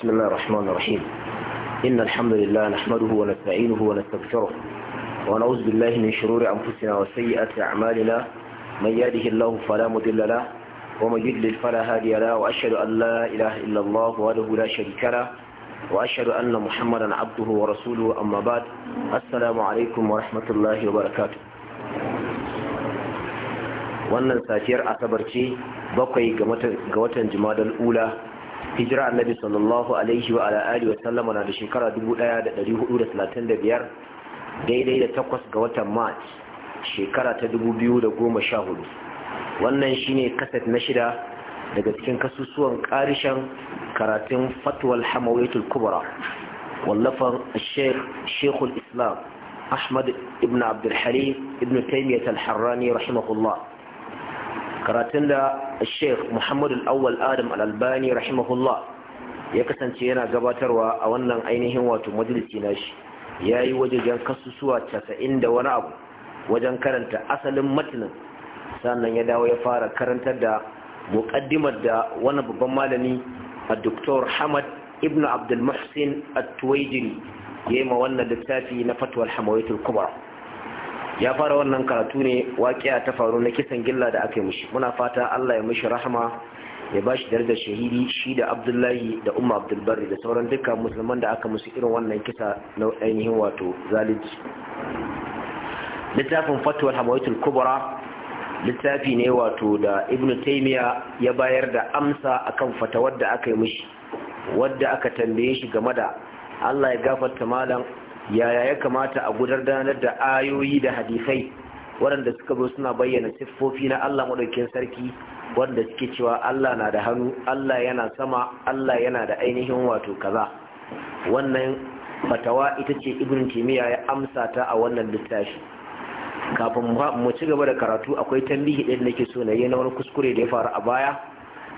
بسم الله الرحمن الرحيم إن الحمد لله نحمده ونستعينه ونستغفره ونعوذ بالله من شرور أنفسنا وسيئات أعمالنا من يهده الله فلا مضل له ومن يضلل فلا هادي له وأشهد أن لا إله إلا الله وحده لا شريك له وأشهد أن محمدا عبده ورسوله أما بعد السلام عليكم ورحمة الله وبركاته wannan safiyar asabar ce bakwai ga watan jimadal ula hijira annabi sallallahu alaihi wa ala alihi wa sallama na da shekara 1435 daidai da takwas ga watan march shekara ta 2014 wannan shine kaset na shida daga cikin kasusuwan karishen karatun fatwal hamawaitul kubra wallafan shekul islam ahmad ibn ibnu ibn taimiyyat al-harrani rahimahullah karatun da sheikh muhammadu al'awwal adam al'albani rahimahullah ya kasance yana gabatarwa a wannan ainihin wato majalisi na shi ya yi wajejen kasusuwa casa'in da wani abu wajen karanta asalin matinin sannan ya dawo ya fara karantar da mukaddimar da wani babban malami a doktor hamad ibn abdulmahsin muhsin at ya yi ma wannan littafi na fatwal hamawaitul kubra ya fara wannan karatu ne waƙiya ta faru na kisan gilla da aka yi mushi muna fata Allah ya mushi rahama ya bashi darajar shahidi shi da Abdullahi da Umma Abdulbari da sauran dukkan musulman da aka musu irin wannan kisa na ainihin wato zalunci littafin fatwar Hamawitul Kubra littafi ne wato da Ibn taimiya ya bayar da amsa akan fatawar da aka yi mushi wadda aka tambaye shi game da Allah ya gafarta malam yaya ya kamata a gudanar da ayoyi da hadisai waɗanda suka zo suna bayyana siffofi na Allah maɗaukin sarki wanda suke cewa Allah na da hannu Allah yana sama Allah yana da ainihin wato kaza wannan fatawa ita ce ibrin kimiyya ya amsa ta a wannan littafi kafin mu ci gaba da karatu akwai tambihi ɗin nake so na yi na wani kuskure da ya faru a baya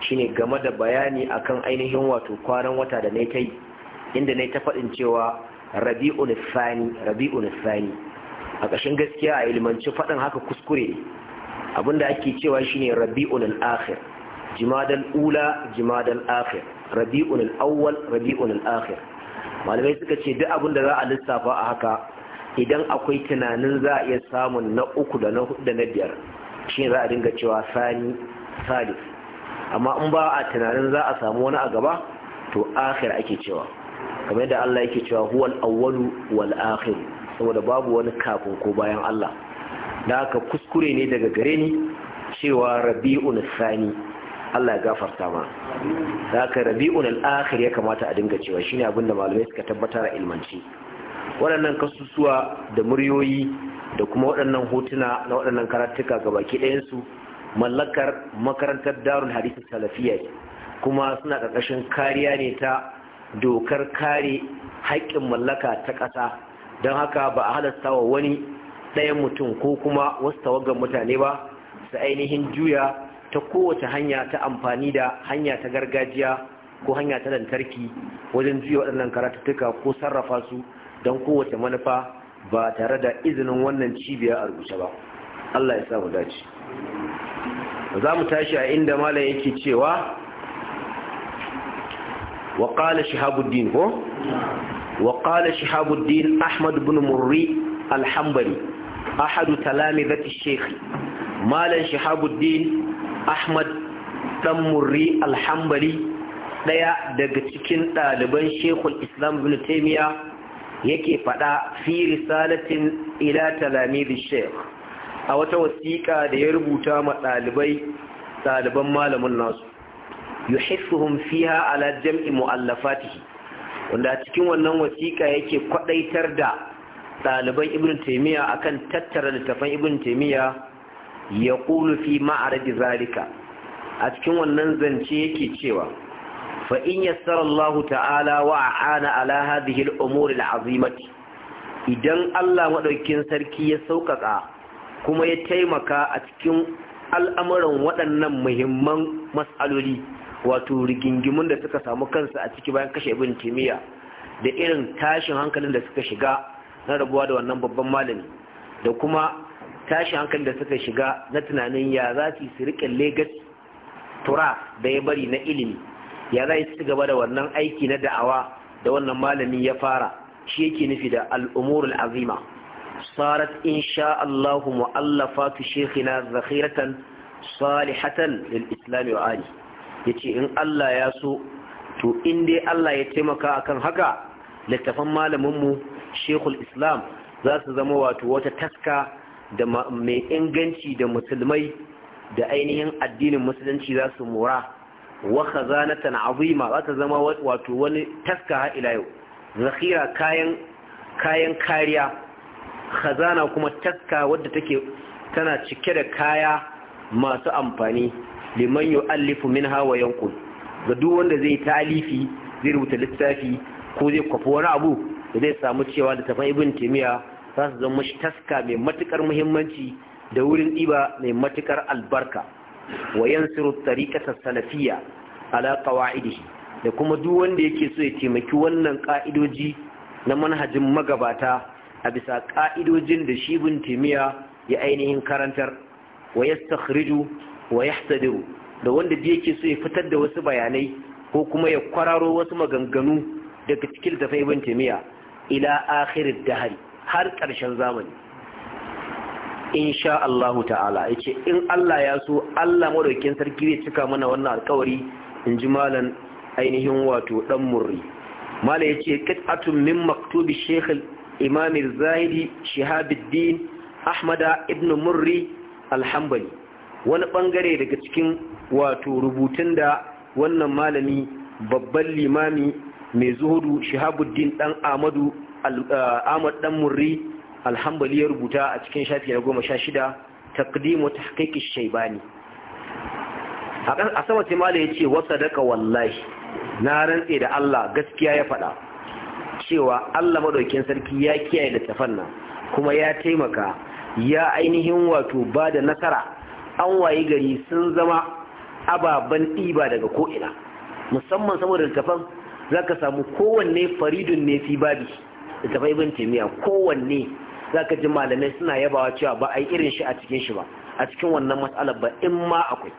shine game da bayani akan ainihin wato kwanan wata da na ta yi inda na ta faɗin cewa rabi'un fani rabi'un fani a ƙashin gaskiya a ilmanci faɗin haka kuskure ne abinda ake cewa shine rabi'un al-akhir jimadal ula jimadal akhir rabi'un al-awwal rabi'un al-akhir malamai suka ce duk abinda za a lissafa a haka idan akwai tunanin za a iya samun na uku da na hudu da na biyar shine za a dinga cewa sani salif amma in ba a tunanin za a samu wani a gaba to akhir ake cewa kamar da Allah yake cewa huwal awwalu wal akhir saboda babu wani kafin ko bayan Allah da haka kuskure ne daga gare ni cewa rabi'un sani Allah ya gafarta ma da haka rabi'un al-akhir ya kamata a dinga cewa shine abin da malamai suka tabbatar a ilmanci waɗannan kasusuwa da muryoyi da kuma waɗannan hotuna na waɗannan karatuka ga baki ɗayansu mallakar makarantar darul hadisi salafiyya kuma suna ƙarƙashin kariya ne ta dokar kare haƙƙin mallaka ta ƙasa don haka ba a halasta wa wani ɗayan mutum ko kuma wasu tawagan mutane ba su ainihin juya ta kowace hanya ta amfani da hanya ta gargajiya ko hanya ta lantarki wajen juya waɗannan karatattuka ko sarrafa su don kowace manufa ba tare da izinin wannan cibiya a rubuce ba Allah ya samu dace za mu tashi a inda malam yake cewa وقال شهاب الدين هو وقال شهاب الدين أحمد بن مري الحنبلي أحد تلامذة الشيخ مالا شهاب الدين أحمد بن مري الحنبلي ɗaya daga cikin ɗaliban shekul islam ibn taimiya yake faɗa fi risalatin ila talamizi sheikh a wata wasiƙa da ya rubuta ma ɗalibai ɗaliban malamin nasu yuhiffuhum fiha ala jam'i mu'allafatihi wanda a cikin wannan wasiƙa yake kwadaitar da ɗaliban ibn taymiya akan tattara littafan ibn taymiya ya ƙulu fi ma'arad zalika a cikin wannan zance yake cewa fa in yassara Allah ta'ala wa a'ana ala hadhihi al-umur al idan Allah madaukakin sarki ya saukaka kuma ya taimaka a cikin al'amuran waɗannan muhimman matsaloli wato rigingimun da suka samu kansu a ciki bayan kashe ibn timiya da irin tashin hankalin da suka shiga na rabuwa da wannan babban malami da kuma tashin hankalin da suka shiga na tunanin ya za su riƙe legas tura da ya bari na ilimi ya za su gaba da wannan aiki na da'awa da wannan malami ya fara shi yake nufi da al'umurul azima sarat sha Allahu mu'allafatu shekhina zakhiratan salihatan lil islami wa ali ya ce in Allah ya so to in dai Allah ya taimaka akan haka littafan malaminmu shekul islam za su zama wato wata taska da mai inganci da musulmai da ainihin addinin musulunci za su mora wa khazanatan azima za ta zama wato wani taska ha yau zakhira kayan kariya kazana kuma taska wadda take tana cike da kaya masu amfani liman yu'allifu minha wa yanqul ga duk wanda zai talifi zai rubuta littafi ko zai kwafi wani abu da zai samu cewa da tafan ibn timiya za su zama shi taska mai matukar muhimmanci da wurin ɗiba mai matukar albarka wa yansiru tariqata salafiyya ala qawaidihi da kuma duk wanda yake so ya taimaki wannan ka'idoji na manhajin magabata a bisa ka'idojin da shi bin timiya ya ainihin karantar wa yastakhriju wa yahtadiru da wanda da yake so ya fitar da wasu bayanai ko kuma ya kwararo wasu maganganu daga cikin da ibn miya ila akhirid dahari har karshen zamani insha Allah ta'ala yace in Allah ya so Allah madaukin sarki zai cika mana wannan alƙawari in ji malan ainihin wato dan murri mala yace qit'atun min maktubi shaykh al-imam az-zahidi shihabuddin ahmada ibn murri al wani bangare daga cikin wato rubutun da wannan malami babban limami mai zuhudu shihabuddin dan amadu eh, ahmad dan murri alhambali ya rubuta a cikin shafi na goma sha shida takdimu haƙaƙi shaibani a sama timala ya ce wasa daga wallahi na rantse da Allah gaskiya ya faɗa cewa Allah madaukin sarki ya kiyaye da tafanna kuma ya taimaka ya ainihin wato ba da nasara an waye gari sun zama ababen ɗiba daga ko'ina musamman saboda littafan za ka samu kowanne faridun ne fi babi littafan ibn taimiyya kowanne za ka ji malamai suna yabawa cewa ba a yi irin shi a cikin shi ba a cikin wannan matsalar ba in ma akwai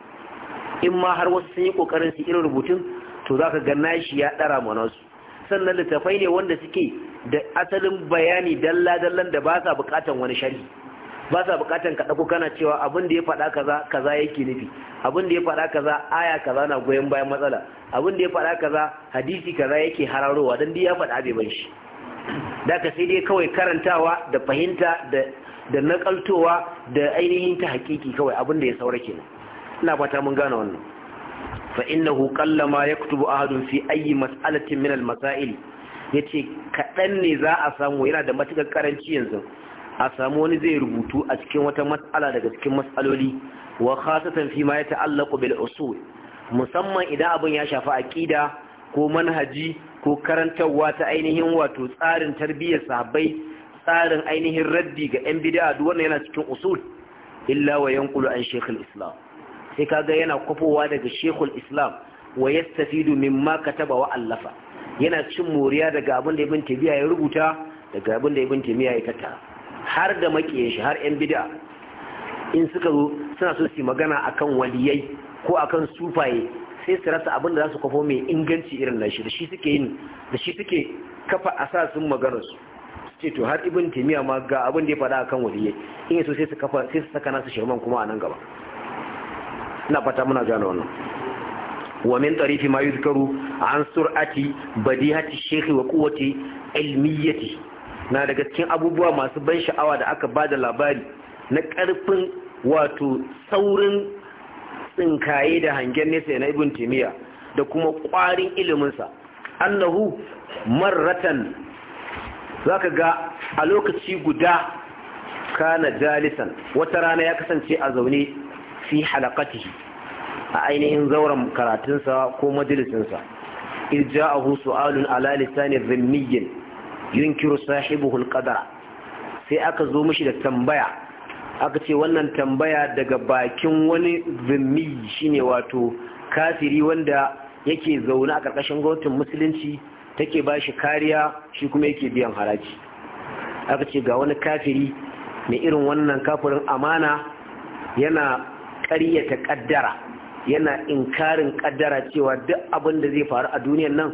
in ma har wasu sun yi kokarin su irin rubutun to za ka ga nashi ya ɗara mana su sannan littafai ne wanda suke da asalin bayani dalla-dallan da ba sa bukatan wani sharhi ba sa bukatan ka dauko kana cewa abin da ya faɗa kaza kaza yake nufi abin da ya faɗa kaza aya kaza na goyon bayan matsala abin da ya faɗa kaza hadisi kaza yake hararowa dan duk ya faɗa bai ban shi da ka sai dai kawai karantawa da fahimta da da nakaltowa da ainihin ta hakiki kawai abin da ya saura kenan ina fata mun gane wannan fa innahu qallama yaktubu ahadun fi ayi mas'alatin min al-masail yace kadan ne za a samu yana da matukar karanci yanzu a samu wani zai rubutu a cikin wata matsala daga cikin matsaloli wa khasatan fi ma ya ta'allaku bil usul musamman idan abin ya shafi aqida ko manhaji ko karantarwa ta ainihin wato tsarin tarbiyyar sahabbai tsarin ainihin raddi ga yan bid'a duk wannan yana cikin usul illa wa yanqulu an shaykhul islam sai kaga yana kofowa daga shaykhul islam wa yastafidu mimma kataba wa allafa yana cin moriya daga abin da ibn tabiya ya rubuta daga abin da ibn tabiya ya tattara har da makiyin shi har yan bid'a in suka zo suna so su magana akan waliyai ko akan sufaye sai su rasa abin da za su kwafo mai inganci irin nashi da shi suke yin da shi suke kafa asasin maganar su ce to har ibn timiya ma ga abin da ya faɗa akan waliyai in yaso sai su kafa sai su saka nasu shirman kuma a nan gaba ina fata muna gane wannan tarifi ma yuzkaru an sur'ati Badihati, shekhi wa kuwati علميته na daga cikin abubuwa masu ban sha'awa da aka bada labari na ƙarfin wato saurin tsinkaye da hangen nesa na ibn timiya da kuma ƙwarin iliminsa annahu marratan za ka ga a lokaci guda kana jalisan wata rana ya kasance a zaune fi halakatihi a ainihin zauren karatunsa ko majalisinsa irja'ahu su'alun ala lisanin zimmiyin yunkiru sahibuhu alqadara sai aka zo mishi da tambaya aka ce wannan tambaya daga bakin wani zimmi shine wato kafiri wanda yake zaune a ƙarƙashin gwamnatin musulunci take ba shi kariya shi kuma yake biyan haraji aka ce ga wani kafiri mai irin wannan kafirin amana yana ƙaryata ƙaddara yana inkarin ƙaddara cewa duk abin da zai faru a duniyan nan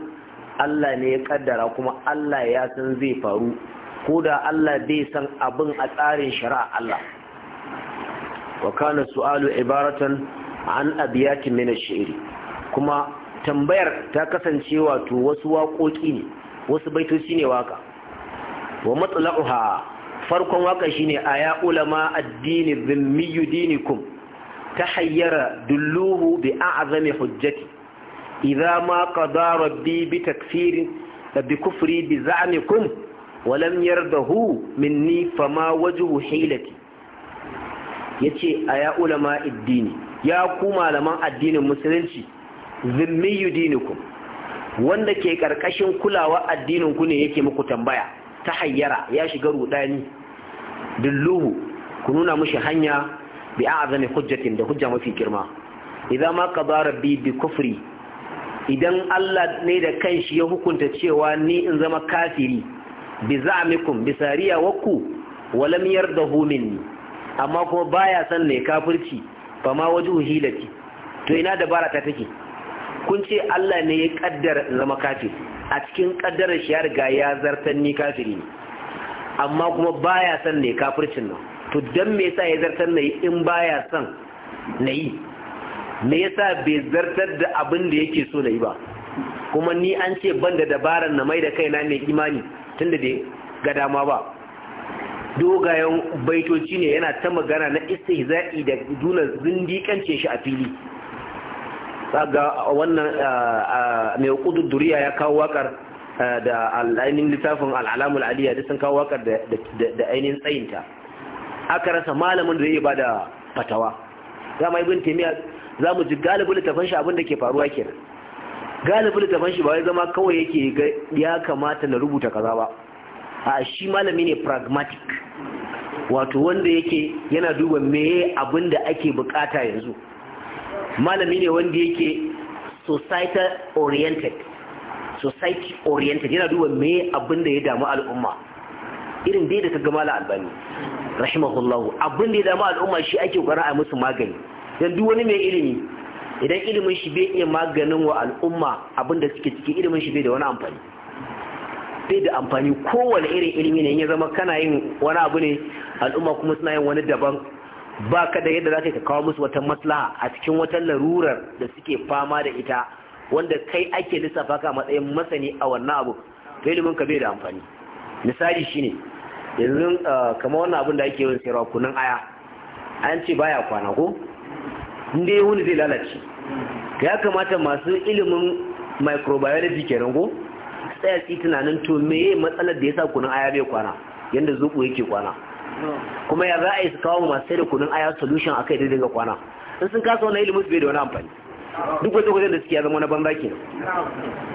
Allah ne ya kaddara kuma Allah ya san zai faru ko da Allah bai san abin a tsarin shari'a Allah wa kana su'alu ibaratan an abiyatin min ash-shi'ri kuma tambayar ta kasance wato wasu waƙoƙi ne wasu baitoci ne waka wa matla'uha farkon waka shine aya ulama addini dhimmi dinikum tahayyara dulluhu bi a'zami hujjati idza ma qada rabbi bi takfirin bi kufri bi za'nikum wa lam yardahu minni fama wajhu hilati yace aya ulama iddini ya ku malaman addinin musulunci zimmiyu dinikum wanda ke karkashin kulawa addinin ku ne yake muku tambaya ta hayyara ya shiga rudani dilluhu ku nuna mashi hanya bi a'zami hujjatin da hujja mafi girma idza ma qada rabbi bi kufri idan Allah ne da kanshi ya hukunta cewa ni in zama kafiri bi za'amikum bi sariya wa lam yardahu minni amma kuma baya san ne kafirci fa ma wajhu hilati to ina dabara ta take kun ce Allah ne ya kaddara zama kafiri a cikin kaddarar shi ya riga ya zartan ni kafiri ne amma kuma baya san ne kafircin nan to dan me yasa ya zartan ne in baya san nayi me yasa bai zartar da abin da yake so na yi ba kuma ni an ce ban da dabarar na mai da kaina mai imani tun da ga dama ba dogayen baitoci ne yana ta magana na istihza'i da duna zindikance shi a fili ga wannan mai kudu duriya ya kawo wakar da ainihin littafin al'alamul aliyya da sun kawo wakar da ainihin tsayinta aka rasa malamin da zai ba da fatawa dama bin taymiya za mu ji galibin littafin shi abinda ke faruwa kenan galibin littafin shi ba wai zama kawai yake ya kamata na rubuta kaza ba a shi malami ne pragmatic wato wanda yake yana duba meye abinda ake bukata yanzu malami ne wanda yake societal oriented society oriented yana duba meye abinda ya damu al'umma irin dai da ta gama la'albani rahimahullahu abinda ya damu al'umma shi ake kwara a musu magani dan duk wani mai ilimi idan ilimin shi bai iya maganin wa al'umma abinda suke ciki ilimin shi bai da wani amfani bai da amfani kowane irin ilimi ne in ya zama kana yin wani abu ne al'umma kuma suna yin wani daban ba ka da yadda za ka kawo musu wata maslaha a cikin wata larurar da suke fama da ita wanda kai ake lissafa ka matsayin masani a wannan abu to ilimin ka bai da amfani misali shine yanzu ah, kamar wannan abin da ake yin sayarwa kunun aya an ce baya kwana ko inda ya wuni zai lalace ya kamata masu ilimin microbiology ke rango tsaya tsi tunanin to meye matsalar da ya sa kunun aya bai kwana yadda zuku yake kwana kuma ya za a yi su kawo masu sai da kunun aya solution kai da dinga kwana in sun kasa wani ilimin su bai da wani amfani duk wata wajen da suke ya zama wani banza ke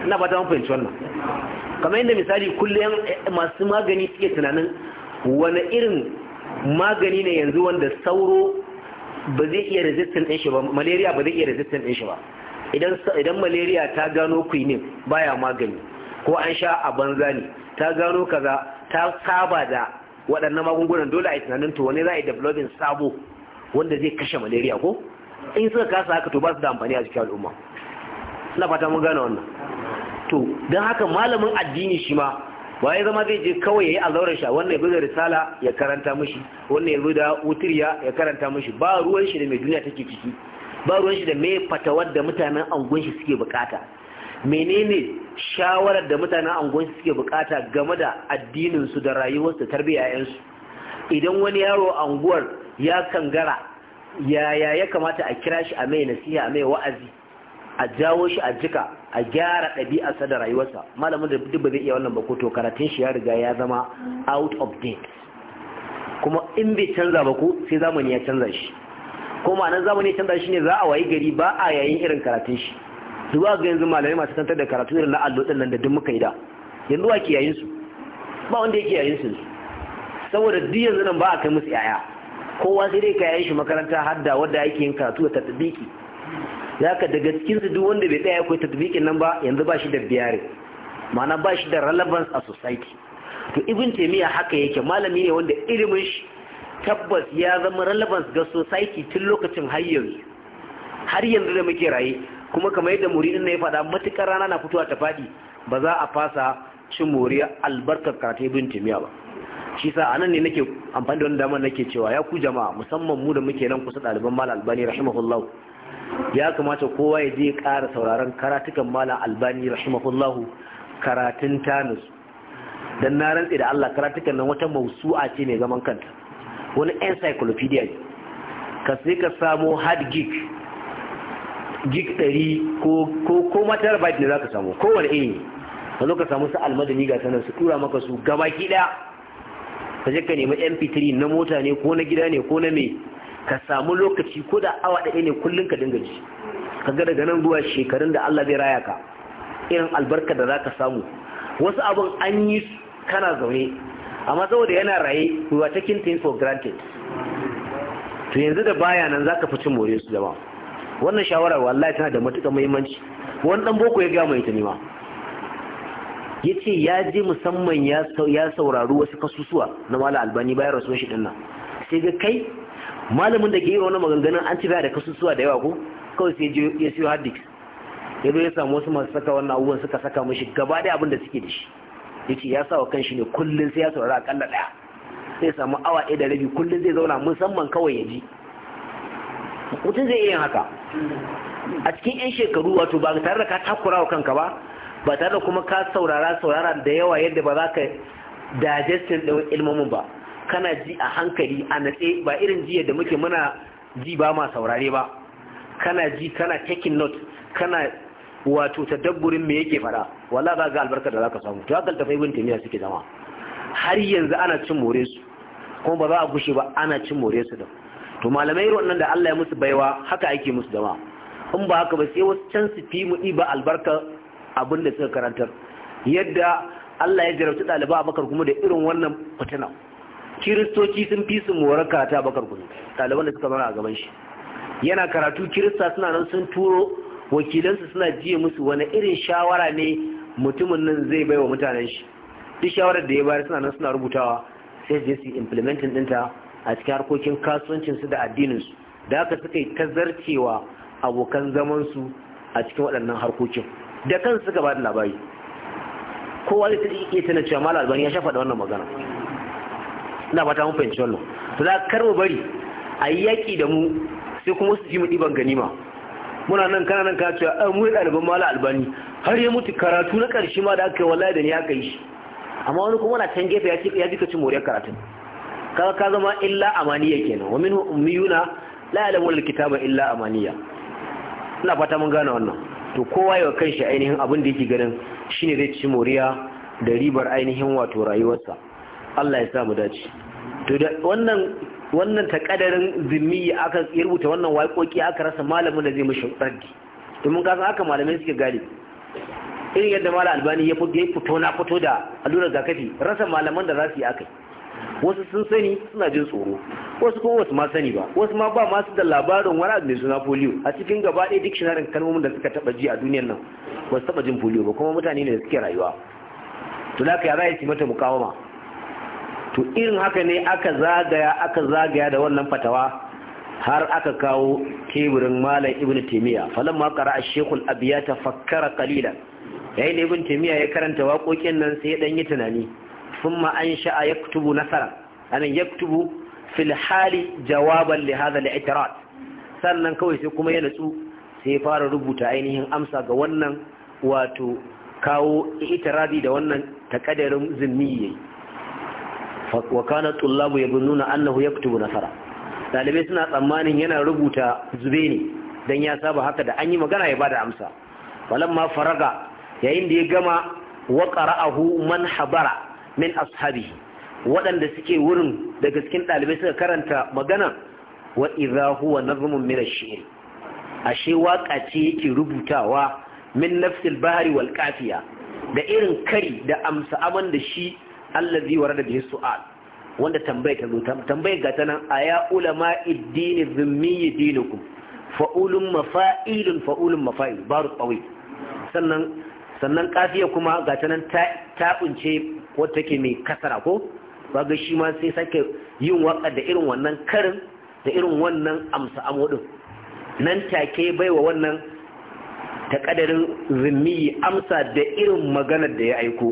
ina ba ta mafi wannan kamar yadda misali kullum masu magani suke tunanin wani irin magani ne yanzu wanda sauro ba zai iya resistant ɗin shi ba malaria ba zai iya resistant ɗin shi ba idan malaria ta gano quinine baya magani ko an sha a banza ne ta gano kaza ta saba da waɗannan magungunan dole a yi tunanin to wani za a yi developing sabo wanda zai kashe malaria ko in suka kasa haka to ba su da amfani a jikin al'umma suna fata mun gane wannan to don haka malamin addini shi ma waye zama zai je kawai yayi allaurar sha wannan yazo da risala ya karanta mishi wannan yazo da wuturiya ya karanta mishi ba ruwan shi da mai duniya take ciki ba ruwan shi da mai fatawar da mutanen angon shi suke bukata menene shawarar da mutanen angon shi suke bukata game da addinin su da rayuwar su tarbiyyar su idan wani yaro anguwar ya kangara yaya ya kamata a kira shi a mai nasiha mai wa'azi a jawo shi a jika a gyara ɗabi'arsa da rayuwarsa malamin da duk ba zai iya wannan ba ko to karatun shi ya riga ya zama out of date kuma in bai canza ba ko sai zamani ya canza shi ko nan zamani ya canza shi ne za a wayi gari ba a yayin irin karatun shi zuwa ga yanzu malamai masu tantar da karatu irin na allo din nan da duk muka yi da yanzu wa ke yayin su ba wanda yake yayin su saboda duk yanzu nan ba a kai musu yaya kowa sai dai ka yayin shi makaranta hadda wanda yake yin karatu da tatbiki zaka daga cikin su duk wanda bai tsaya akwai tatbiqin nan ba yanzu ba shi da biyare ma'ana ba shi da relevance a society to ibn taymiya haka yake malami ne wanda ilimin shi tabbas ya zama relevance ga society tun lokacin har yanzu har yanzu da muke raye kuma kamar yadda muridin na ya faɗa matukar rana na fitowa ta faɗi ba za a fasa cin moriya albarkar karatu ibn taymiya ba shi sa anan ne nake amfani da wannan damar nake cewa ya ku jama'a musamman mu da muke nan kusa ɗaliban mal albani rahimahullahu ya kamata kowa ya je ƙara sauraron karatukan malam albani rahimahullahu karatun tanus dan na rantse da Allah karatukan nan wata mausu'a ce mai zaman kanta wani encyclopedia ne ka sai ka samo hard gig gig 100 ko ko ko matarabyte ne zaka samu kowane iri ka zo ka samu su almadani ga sanar su tura maka su gabaki daya ka je ka nemi mp3 na mota ne ko na gida ne ko na me ka samu lokaci ko da awa ɗaya ne kullum ka dinga ji ka ga daga nan zuwa shekarun da Allah zai raya ka irin albarka da za ka samu wasu abin an yi kana zaune amma saboda yana raye we were taking things for granted to yanzu da baya nan zaka fi cin more su zama, wannan shawara wallahi tana da matuƙar muhimmanci wani dan boko ya ga mai Ya yace ya je musamman ya ya saurari wasu kasusuwa na mala albani bayan rasuwar shi dinnan sai ga kai malamin da ke yi wani maganganun an ci da kasusuwa da yawa ko kawai sai ya siyo hard disk ya zo ya samu wasu masu saka wannan abubuwan suka saka mashi gaba da abin da suke da shi ya ce ya sa wa kanshi ne kullum sai ya saurara akalla ɗaya sai samu awa ɗaya da rabi kullum zai zauna musamman kawai ya ji mutum zai iya yin haka a cikin 'yan shekaru wato ba tare da ka takura wa kanka ba ba tare da kuma ka saurara saurara da yawa yadda ba za ka digestin ɗin ilmamin ba kana ji a hankali a natse ba irin jiya da muke muna ji ba ma saurare ba kana ji kana taking note kana wato tadabburin me yake fara wala ba ga albarka da zaka samu to haka tafai bin tamiya suke zama har yanzu ana cin more su kuma ba za a gushe ba ana cin more su da to malamai wannan da Allah ya musu baiwa haka ake musu zama in ba haka ba sai wasu can su fi mu ba albarka abin da suka karantar yadda Allah ya jarabta ɗaliba a makar kuma da irin wannan fitina kiristoci sun fi su karatu ta bakar kudu ɗaliban da suka mara a gaban shi yana karatu kirista suna nan sun turo wakilansu suna jiye musu wani irin shawara ne mutumin nan zai bai wa mutanen shi duk shawarar da ya bayar suna nan suna rubutawa sai je su implementin dinta a cikin harkokin kasuwancinsu da addininsu da haka suka yi tazarcewa abokan zamansu a cikin waɗannan harkokin da kansu suka ba da labari kowa zai iya tana cewa malar albani ya shafa da wannan magana ina fata mun fahimci wannan to za kar mu bari a yi yaƙi da mu sai kuma su ji mu ɗiban ganima muna nan kana nan ka ce a mu ɗaliban mala albani har ya mutu karatu na ƙarshe ma da aka yi wallahi da ni aka yi shi amma wani kuma na can gefe ya ji ka ci moriyar karatun kaga ka zama illa amaniya kenan wa minhu ummiyuna la ya'lamu al-kitaba illa amaniya ina fata mun gane wannan to kowa ya shi ainihin abin da yake ganin shine zai ci moriya da ribar ainihin wato rayuwarsa Allah ya sa mu dace to da wannan wannan takadarin zimmi aka rubuta wannan waƙoƙi aka rasa malamin da zai mishi raddi domin ka san haka malamai suke gari irin yadda malam albani ya fito na fito da allurar gakafi rasa malaman da za su yi akai wasu sun sani suna jin tsoro wasu kuma wasu ma sani ba wasu ma ba masu da labarin wani abu mai suna polio a cikin gaba ɗaya dictionary kalmomin da suka taba ji a duniyar nan ba su taba jin polio ba kuma mutane ne da suke rayuwa to da ka yara ya ci mata mukawama to irin haka ne aka zagaya aka zagaya da wannan fatawa har aka kawo keburin malam ibn taymiya falamma qara'a shaykhul abiyata fakkara qalilan ne ibn taymiya ya karanta waƙoƙin nan sai ya dan yi tunani thumma ansha'a yaktubu nasara anan yaktubu fil hali jawaban li hadha al sannan kawai sai kuma ya natsu sai fara rubuta ainihin amsa ga wannan wato kawo i'tiradi da wannan takaddarin zimmi yayi wa kana tullabu yabunnuna annahu yaktubu nasara dalibai suna tsammanin yana rubuta zube ne dan ya saba haka da an yi magana ya bada amsa falamma faraga yayin da ya gama wa qara'ahu man habara min ashabihi waɗanda suke wurin daga cikin dalibai suka karanta magana wa idza huwa nazmun min ash-shi'r ashe waka ce yake rubutawa min nafsil bahri wal kafiya da irin kari da amsa aman da shi allazi warada bihi su'al wanda tambaye ta zo Tambaye ga tanan aya ulama iddini zimmi dinukum fa'ulun mafa'ilun fa'ulun mafa'il baru qawi sannan sannan kafiya kuma ga tanan ta kunce wata take mai kasara ko Ba ga shi ma sai sake yin waka da irin wannan karin da irin wannan amsa amo din nan take baiwa wannan ta kadarin zimmi amsa da irin maganar da ya aiko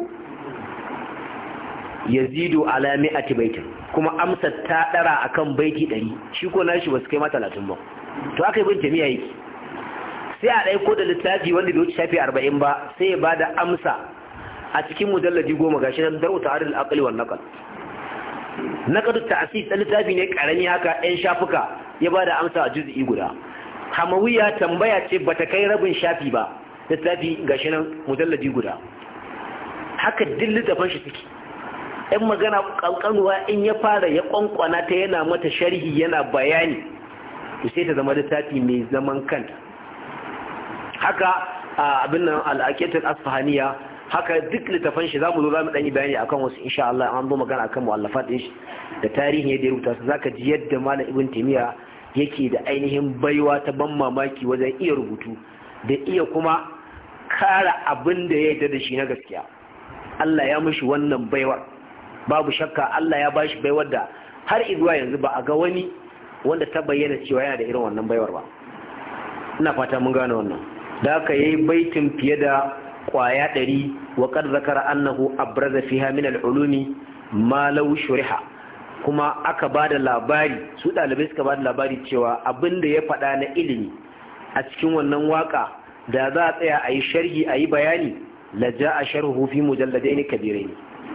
yazidu ala mi'ati baitin kuma amsa ta dara akan baiti 100 shi ko nashi ba su kai ma 30 ba to aka yi bin jami'a yake sai a dai ko da littafi wanda bai wuce shafi 40 ba sai ya bada amsa a cikin mujalladi 10 gashi nan daru ta'aril aqli wal naqal naqadu ta'sis littafi ne karami haka ɗan shafuka ya bada amsa a juz'i guda hamawiya tambaya ce bata kai rabin shafi ba littafi gashi nan mujalladi guda haka dillin da fashi suke ɗan magana ƙanƙanuwa in ya fara ya ƙwanƙwana ta yana mata sharhi yana bayani to sai ta zama littafi mai zaman kanta haka abin nan al'aƙetar asfahaniya haka duk littafan shi za mu zo za mu ɗan yi bayani akan wasu insha Allah an zo magana akan mu'allafat ɗin shi da tarihin yadda ya rubuta su zaka ji yadda malam ibn timiya yake da ainihin baiwa ta ban mamaki wajen iya rubutu da iya kuma kara abin da ya yarda da shi na gaskiya Allah ya mishi wannan baiwa babu shakka Allah ya bashi baiwar da har izuwa yanzu ba a ga wani wanda ta bayyana cewa yana da irin wannan baiwar ba ina fata mun gane wannan da aka yi baitin fiye da kwaya ɗari wa kad zakara annahu abraza fiha min al-ulumi ma law shuriha kuma aka ba da labari su ɗalibai suka ba da labari cewa abin da ya faɗa na ilimi a cikin wannan waka da za a tsaya a yi sharhi a yi bayani la ja'a sharhu fi mujalladaini kabirai.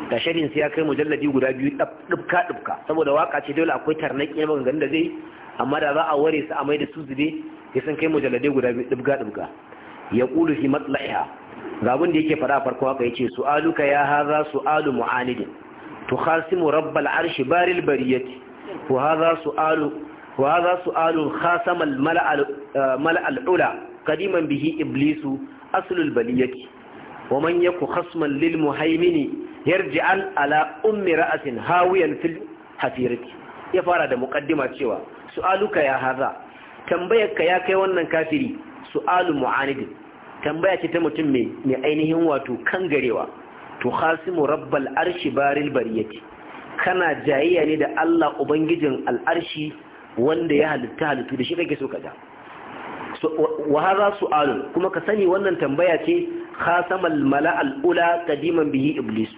da shirin sai ya kai mujalladi guda biyu dubka dubka saboda waka ce dole akwai tarnaki na maganganun da zai amma da za a ware su a mai da su zube sai sun kai mujalladai guda biyu dubga dubga ya qulu fi matla'iha ga abin da yake fara farko haka yace su'aluka ya haza su'alu mu'anidin tukhasimu rabbal arshi baril bariyati wa haza su'alu wa haza su'alu khasama al mala'al eh, ula qadiman bihi iblisu aslul baliyati wa man yaku khasman lil muhaimini yarji'al ala ummi ra'asin hawiyan fil hafirati ya fara da muqaddima cewa su'aluka ya haza tambayarka ya kai wannan kafiri su'alu mu'anidin tambaya ce ta mutum mai mai ainihin wato garewa to khasimu rabbal arshi baril bariyati kana jayayya ne da Allah ubangijin al'arshi wanda ya halitta halittu da shi kake so ka ja wa hadha kuma ka sani wannan tambaya ce khasamal mala'al ula qadiman bihi iblis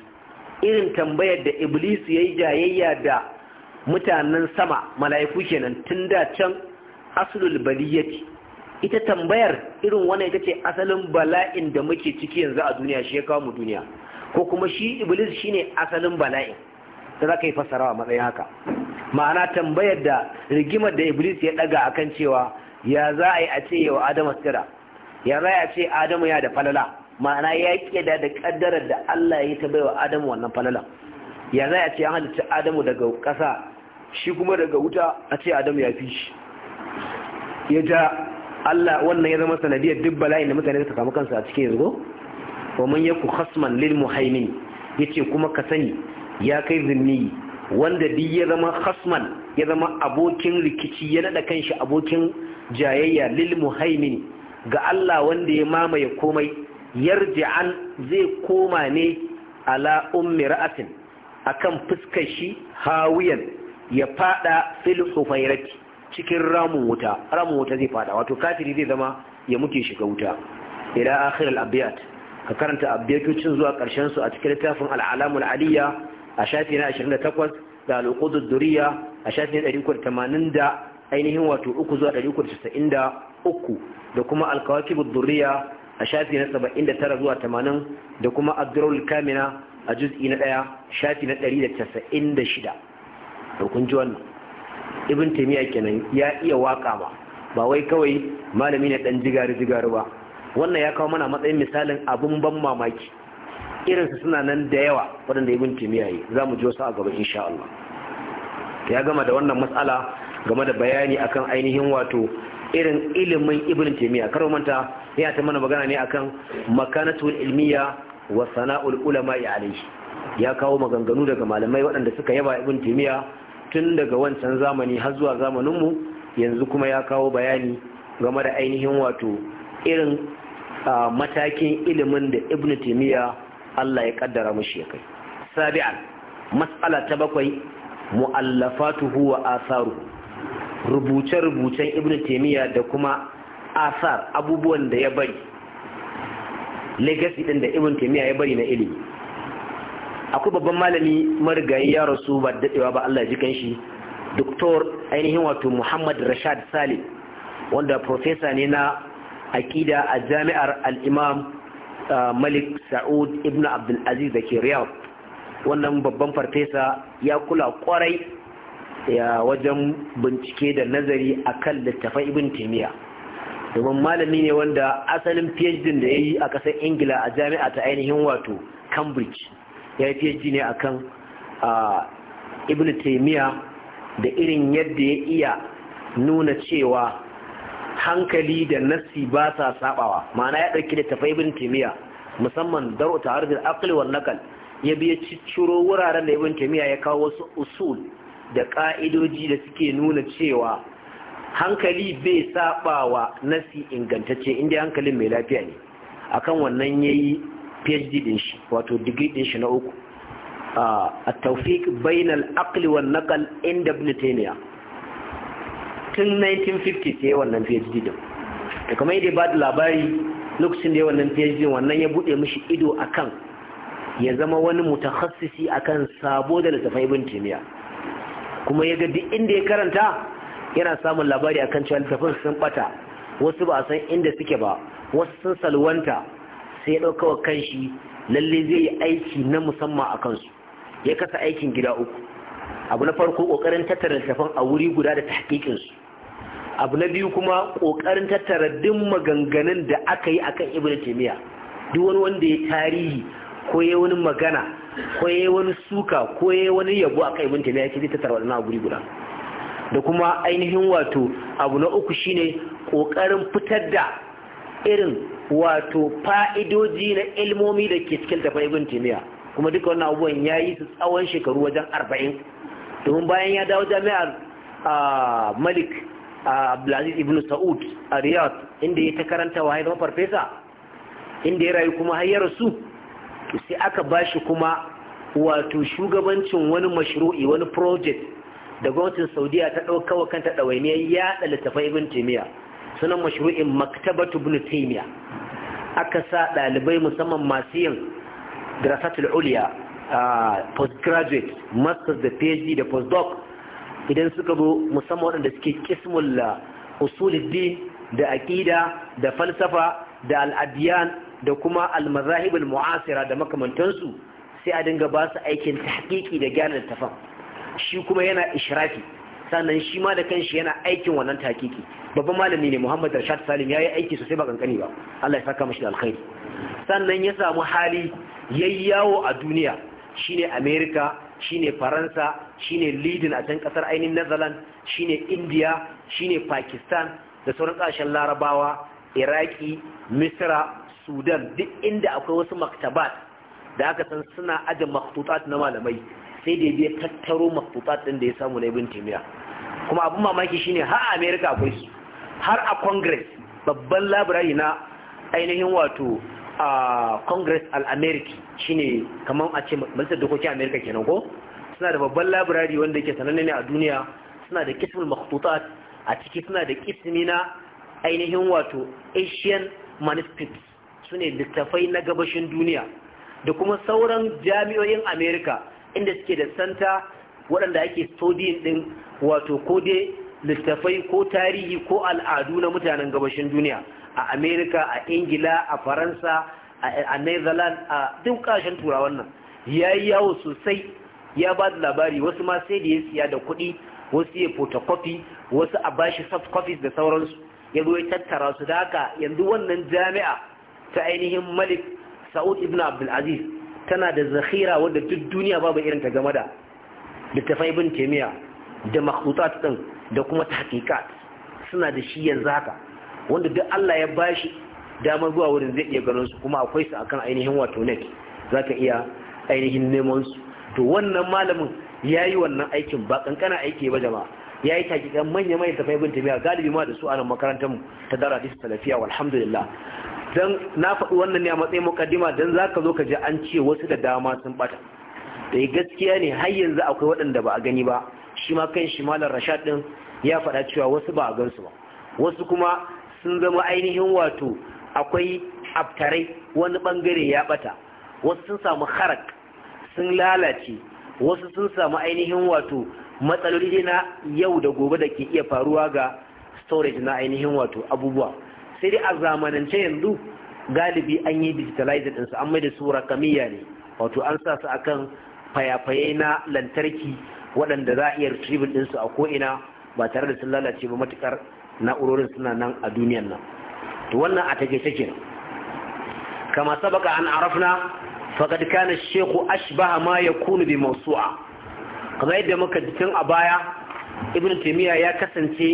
irin tambayar da iblis ya yi jayayya da mutanen sama mala'iku kenan tun da can asulul baliyyati ita tambayar irin wannan ita ce asalin bala'in da muke ciki yanzu a duniya shi ya kawo mu duniya ko kuma shi iblis shine asalin bala'in da za ka yi a matsayin haka ma'ana tambayar da rigimar da iblis ya daga akan cewa ya za a yi a ce yawa adama tsira, ya za a ce adamu ya da falala ma'ana ya keda da kaddarar da Allah ya ta baiwa Adamu wannan falala ya za a ce an halitta Adamu daga ƙasa shi kuma daga wuta a ce Adamu ya fi shi ya ja Allah wannan ya zama sanadiyar duk bala'in da mutane suka samu kansa a cikin yanzu wa man yaku khasman lil muhaimin yace kuma ka sani ya kai zinni wanda bi ya zama khasman ya zama abokin rikici ya nada kanshi abokin jayayya lil muhaimin ga Allah wanda ya mamaye komai yarji'an zai koma ne ala ummi ra'atin akan fuskar shi hawiyan ya fada fil hufairati cikin ramun wuta ramun wuta zai fada wato kafiri zai zama ya muke shiga wuta ila akhir al-abiyat ka karanta abiyatocin zuwa karshen su a cikin littafin al-alamul aliyya a shafi na 28 da al-qudud duriya a shafi na 180 da ainihin wato 3 zuwa 393 da kuma al-kawakibud duriya a shafi na tara zuwa tamanin da kuma Abdurul Kamina a juz'i na ɗaya, shafi na da da shida, da ji wannan Ibn Taymiyyah kenan ya iya waka ba ba wai kawai malami na ɗan jigari jigari ba wannan ya kawo mana matsayin misalin abun ban mamaki irinsa suna nan da yawa waɗanda ibn timiya yi za mu ji wasu a gaba insha Allah ya gama da wannan matsala game da bayani akan ainihin wato irin ilimin ibn timiya kar manta ya ta mana magana ne akan makanatul ilmiya wa sana'ul ulama ya alaihi ya kawo maganganu daga malamai waɗanda suka yaba ibn timiya tun daga wancan zamani har zuwa zamanin mu yanzu kuma ya kawo bayani game da ainihin wato irin matakin ilimin da ibn timiya Allah ya kaddara mushi ya kai sabi'an mas'ala ta bakwai mu'allafatuhu wa asaruhu rubuce-rubucen ibn timiya da kuma asar abubuwan da ya bari legacy din da ibn taymiya ya bari na ilimi akwai babban malami marigayi ya rasu ba dadewa ba Allah ya ji kanshi doctor ainihin wato Muhammad Rashad Salim wanda professor ne na akida a jami'ar al-Imam uh, Malik Saud Ibn Abdul Aziz da ke Riyadh wannan babban farfesa ya kula kwarai ya wajen bincike da nazari akan littafan Ibn taymiya domin malami ne wanda asalin phd da ya yi a ƙasar ingila a jami'a ta ainihin wato cambridge ya yi phd ne akan ibn taimiyya da irin yadda ya iya nuna cewa hankali da nassi ba sa sabawa ma'ana ya ɗauki da tafai ibn taimiyya musamman daro ta harfin aqli wa naqal ya biya cicciro wuraren da ibn taimiyya ya kawo wasu usul da ka'idoji da suke nuna cewa hankali bai sabawa nasi ingantacce inda hankalin mai lafiya ne akan wannan yayi PhD din shi wato degree din shi na uku a tawfiq bainal aqli wan naqal inda ibn taymiya tun 1950 sai wannan PhD din da kamar yadda ba da labari lokacin da ya wannan PhD wannan ya bude mishi ido akan ya zama wani mutakhassisi akan sabo da littafai ibn taymiya kuma ya ga duk inda ya karanta yana samun labari akan cewa littafin sun bata wasu ba a san inda suke ba wasu sun salwanta sai ya dauka kanshi lalle zai yi aiki na musamman a kansu ya kasa aikin gida uku abu na farko kokarin tattara littafin a wuri guda da su abu na biyu kuma ƙoƙarin tattara duk maganganun da aka yi akan ibnu taymiya duk wani wanda ya tarihi ko ya wani magana ko ya wani suka ko ya wani yabo akan ibnu taymiya yake tattara wannan a wuri guda da kuma ainihin wato abu na uku shine ƙoƙarin fitar da irin wato fa'idoji na ilmomi da ke cikin tafai ibn timiya kuma duka wannan abubuwan ya yi su tsawon shekaru wajen arba'in domin bayan ya dawo jami'ar malik abdulaziz ibn sa'ud a inda ya ta karanta wa haifar farfesa inda ya rayu kuma hayar su, sai aka ba shi kuma wato shugabancin wani mashru'i wani project da gwamnatin saudiya ta ɗauka wa kanta ɗawainiyar yaɗa littafai ibn taimiyya sunan mashru'in maktabatu ibn taimiyya aka sa ɗalibai musamman masu yin darasatul uliya postgraduate masters da phd da postdoc idan suka zo musamman waɗanda suke kismul usuluddin da aƙida da falsafa da al'adiyan da kuma almazahibul mu'asira da makamantansu sai a dinga ba su aikin tahqiqi da gyara littafan shi kuma yana ishrafi sannan shi ma da kanshi yana aikin wannan takiki babban malami ne Muhammad Rashad Salim ya yi aiki sosai ba kankani ba Allah ya saka mashi da alkhairi sannan ya samu hali yawo a duniya shine America shine Faransa shine Lidin a can kasar ainihin Netherlands shine India shine Pakistan da sauran kasashen Larabawa Iraki Misra Sudan duk inda akwai wasu maktabat da aka san suna ajin maktutat na malamai sai da ya tattaro mafutat ɗin da ya samu na ibn taymiya kuma abin mamaki shine har america akwai su har a congress babban labirari na ainihin wato a congress al-america shine kamar a ce majalisar dokokin america kenan ko suna da babban labirari wanda ke sananne ne a duniya suna da kismul makhtutat a ciki suna da kismi na ainihin wato asian manuscripts su ne littafai na gabashin duniya da kuma sauran jami'o'in america inda suke da santa waɗanda ake studying ɗin wato ko dai littafai ko tarihi ko al'adu na mutanen gabashin duniya a amerika a ingila a faransa a netherlands a duk kashen tura wannan, ya yi yawo sosai ya ba da labari wasu ma sai da ya siya da kuɗi wasu ya photocopy wasu a bashi soft copies da sauransu ya zo ya tattara su da haka yanzu wannan jami'a ta ainihin malik sa'ud ibn abdulaziz tana da zakhira wadda duk duniya babu irin ta game da littafai bin miya, da makhdutat din da kuma tahqiqat suna da shi yanzu haka wanda duk Allah ya bashi damar zuwa wurin zai iya ganin su kuma akwai su akan ainihin wato net zaka iya ainihin neman su to wannan malamin yayi wannan aikin ba kankana aiki ba jama'a ya yi takikan manya mai tafai bin tafiya galibi ma da su a nan makarantar ta dara hadisi salafiya walhamdulillah dan na faɗi wannan ne a matsayin mukaddima dan ka zo ka ji an ce wasu da dama sun bata da eh, gaskiya ne har yanzu akwai waɗanda ba a gani ba shi ma kan shi malar rashad din ya faɗa cewa wasu ba a gansu ba wasu kuma sun zama ainihin wato akwai abtarai wani bangare ya ɓata. wasu sun samu harak sun lalace wasu sun samu ainihin wato matsaloli na yau da gobe da ke iya faruwa ga storage na ainihin wato abubuwa sai dai a zamanance yanzu galibi an yi digitalizing ɗinsu an mai da su rakamiyya ne wato an sa su akan fayafaye na lantarki waɗanda za a iya retrieval ɗinsu a ko'ina ba tare da sun lalace ba matukar na'urorin suna nan a duniyan nan to wannan a take take kama sabaka an arafna faqad kana ash-shaykhu ashbaha ma yakunu bi mawsu'a kamar yadda muka tun a baya ibnu taymiya ya kasance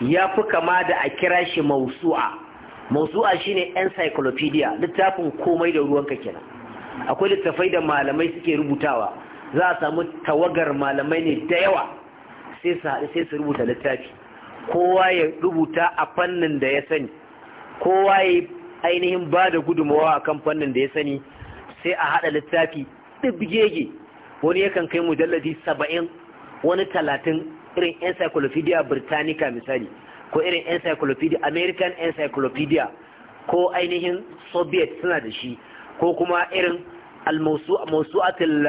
ya fi kama da a kira shi mawsu'a shi shine encyclopedia littafin komai da ruwanka kenan akwai littafai da malamai suke rubutawa za a samu tawagar malamai ne da yawa sai su haɗu sai su rubuta littafi kowa ya rubuta a fannin da ya sani kowa ya ainihin ba da gudunmawa a kan fannin da ya sani sai a haɗa littafi ɗibgege wani yakan kai mu mujalladi saba'in wani talatin irin encyclopedia britannica misali ko irin encyclopedia american encyclopedia ko ainihin soviet suna da shi ko kuma irin al-mawsu'atul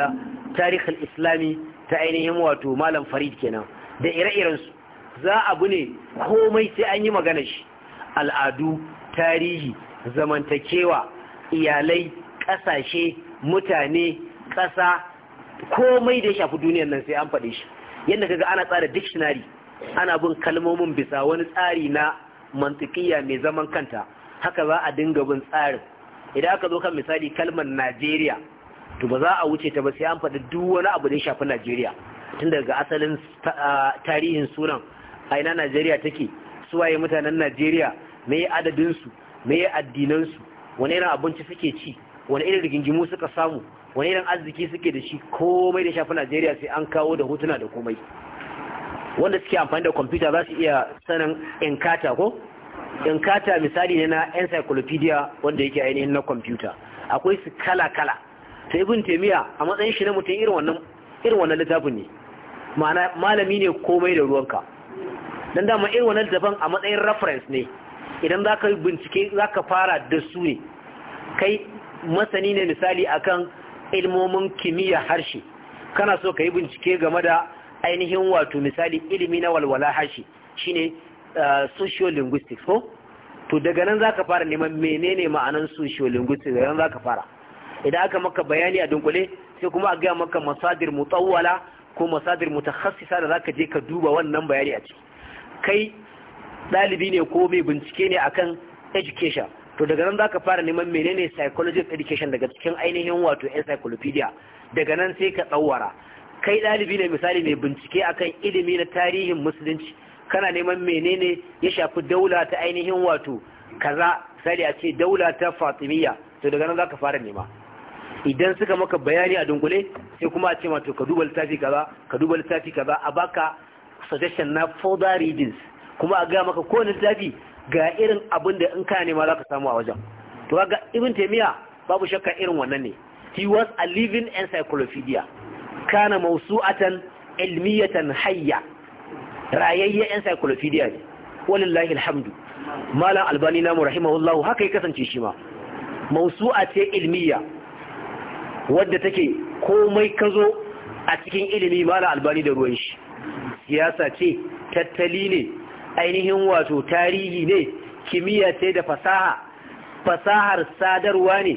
al-islami ta ainihin wato malam farid kenan da ire-iren su za abu ne komai sai an yi magana shi al'adu tarihi zamantakewa iyalai ƙasashe mutane ƙasa komai da ya shafi duniyar nan sai an faɗe shi yadda kaga ana tsara dictionary ana bin kalmomin bisa wani tsari na mantikiya mai zaman kanta haka za a dinga bin tsarin idan aka zo kan misali kalmar Najeriya to ba za a wuce ta ba sai an faɗi duk wani abu da ya shafi Najeriya tun daga asalin ah, tarihin sunan a ina Najeriya take suwaye mutanen Najeriya me adadin su me addinan su wani irin abinci suke ci wani irin rigingimu suka samu wani irin arziki suke da shi komai da shafi Najeriya sai an kawo da hotuna da komai wanda suke amfani da kwamfuta za su iya sanin inkata ko inkata misali ne na encyclopedia wanda yake ainihin na kwamfuta akwai su kala-kala ta ibn temiya a matsayin shi na mutum irin wannan littafin ne ma'ana malami ne komai da ruwanka dan dama irin wannan littafin a matsayin reference ne idan za ka bincike za ka fara da su ne kai masani ne misali akan ilmomin kimiyya harshe kana so ka yi bincike game da ainihin wato misali ilimi na walwala hashi shine uh, sociolinguistics ko to daga nan zaka fara neman menene ma'anan sociolinguistics daga nan zaka fara idan aka maka bayani a dunkule sai kuma a gaya maka masadir mutawwala ko masadir mutakhassisa da zaka je ka duba wannan bayani a ciki kai dalibi ne ko mai bincike ne akan education to daga nan zaka fara neman menene psychology of education daga cikin ainihin wato encyclopedia daga nan sai ka tsawara kai ɗalibi ne misali mai bincike akan ilimi na tarihin musulunci kana neman menene ya shafi daula ta ainihin wato kaza sai a ce daula ta fatimiyya to daga nan za ka fara nema idan suka maka bayani a dunkule sai kuma a ce ma ka duba littafi kaza ka duba littafi kaza a baka suggestion na further readings kuma a ga maka kowane littafi ga irin abin da in ka nema za ka samu a wajen to kaga ibn taymiya babu shakka irin wannan ne he was a living encyclopedia kana mawsu'atan ilmiyatan hayya rayayya encyclopedia ne walillahi alhamdu malam albani namu rahimahullahu haka ya kasance shi ma mawsu'a ce ilmiya wadda take komai kazo a cikin ilimi malam albani da ruwan shi siyasa ce tattali ne ainihin wato tarihi ne kimiyya ce da fasaha fasahar sadarwa ne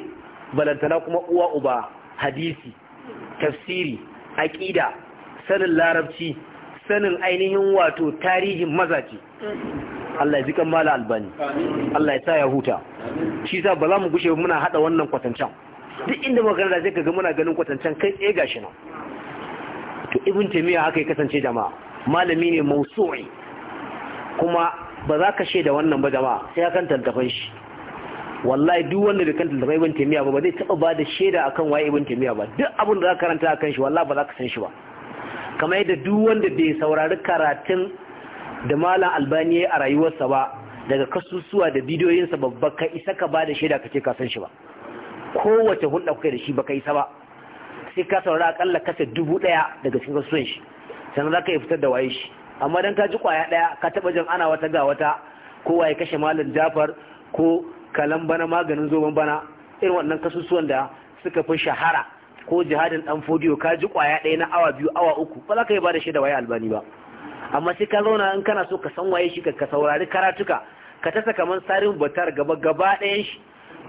balantana kuma uwa uba hadisi tafsiri aƙida sanin larabci sanin ainihin wato tarihin mazaji Allah ya zika mala albani Allah ya sa ya huta shi sa ba za mu gushe muna hada wannan kwatancan duk inda magana da zai kaga muna ganin kwatancan kai tsaye gashi nan to ibn taymiya haka ya kasance jama'a malami ne mausu'i kuma ba za ka shaida wannan ba jama'a sai kan tantafan shi wallahi duk wanda bai kanta da ibn taymiya ba ba zai taba bada shaida akan waye ibn taymiya ba duk abin da za ka karanta akan shi wallahi ba za ka san shi ba kamar yadda duk wanda bai saurari karatun da malam albani a rayuwarsa ba daga kasusuwa da bidiyoyinsa babba ka isa ka ba da shaida ka ce ka san shi ba kowace hulɗa kuka da shi ba ka isa ba sai ka saurari akalla kasa dubu ɗaya daga cikin kasusuwan shi sannan za ka iya fitar da waye shi amma dan ka ji kwaya ɗaya ka taɓa jan ana wata ga wata kowa ya kashe malam jafar ko kalan bana maganin zoben bana irin wannan kasusuwan da suka fi shahara ko jihadin dan fodiyo ka ji kwaya ɗaya na awa biyu awa uku ba za ka yi ba da shi da waye albani ba amma sai ka zauna in kana so ka san waye shi ka saurari karatuka ka tasa kamar sarin batar gaba gaba ɗayan shi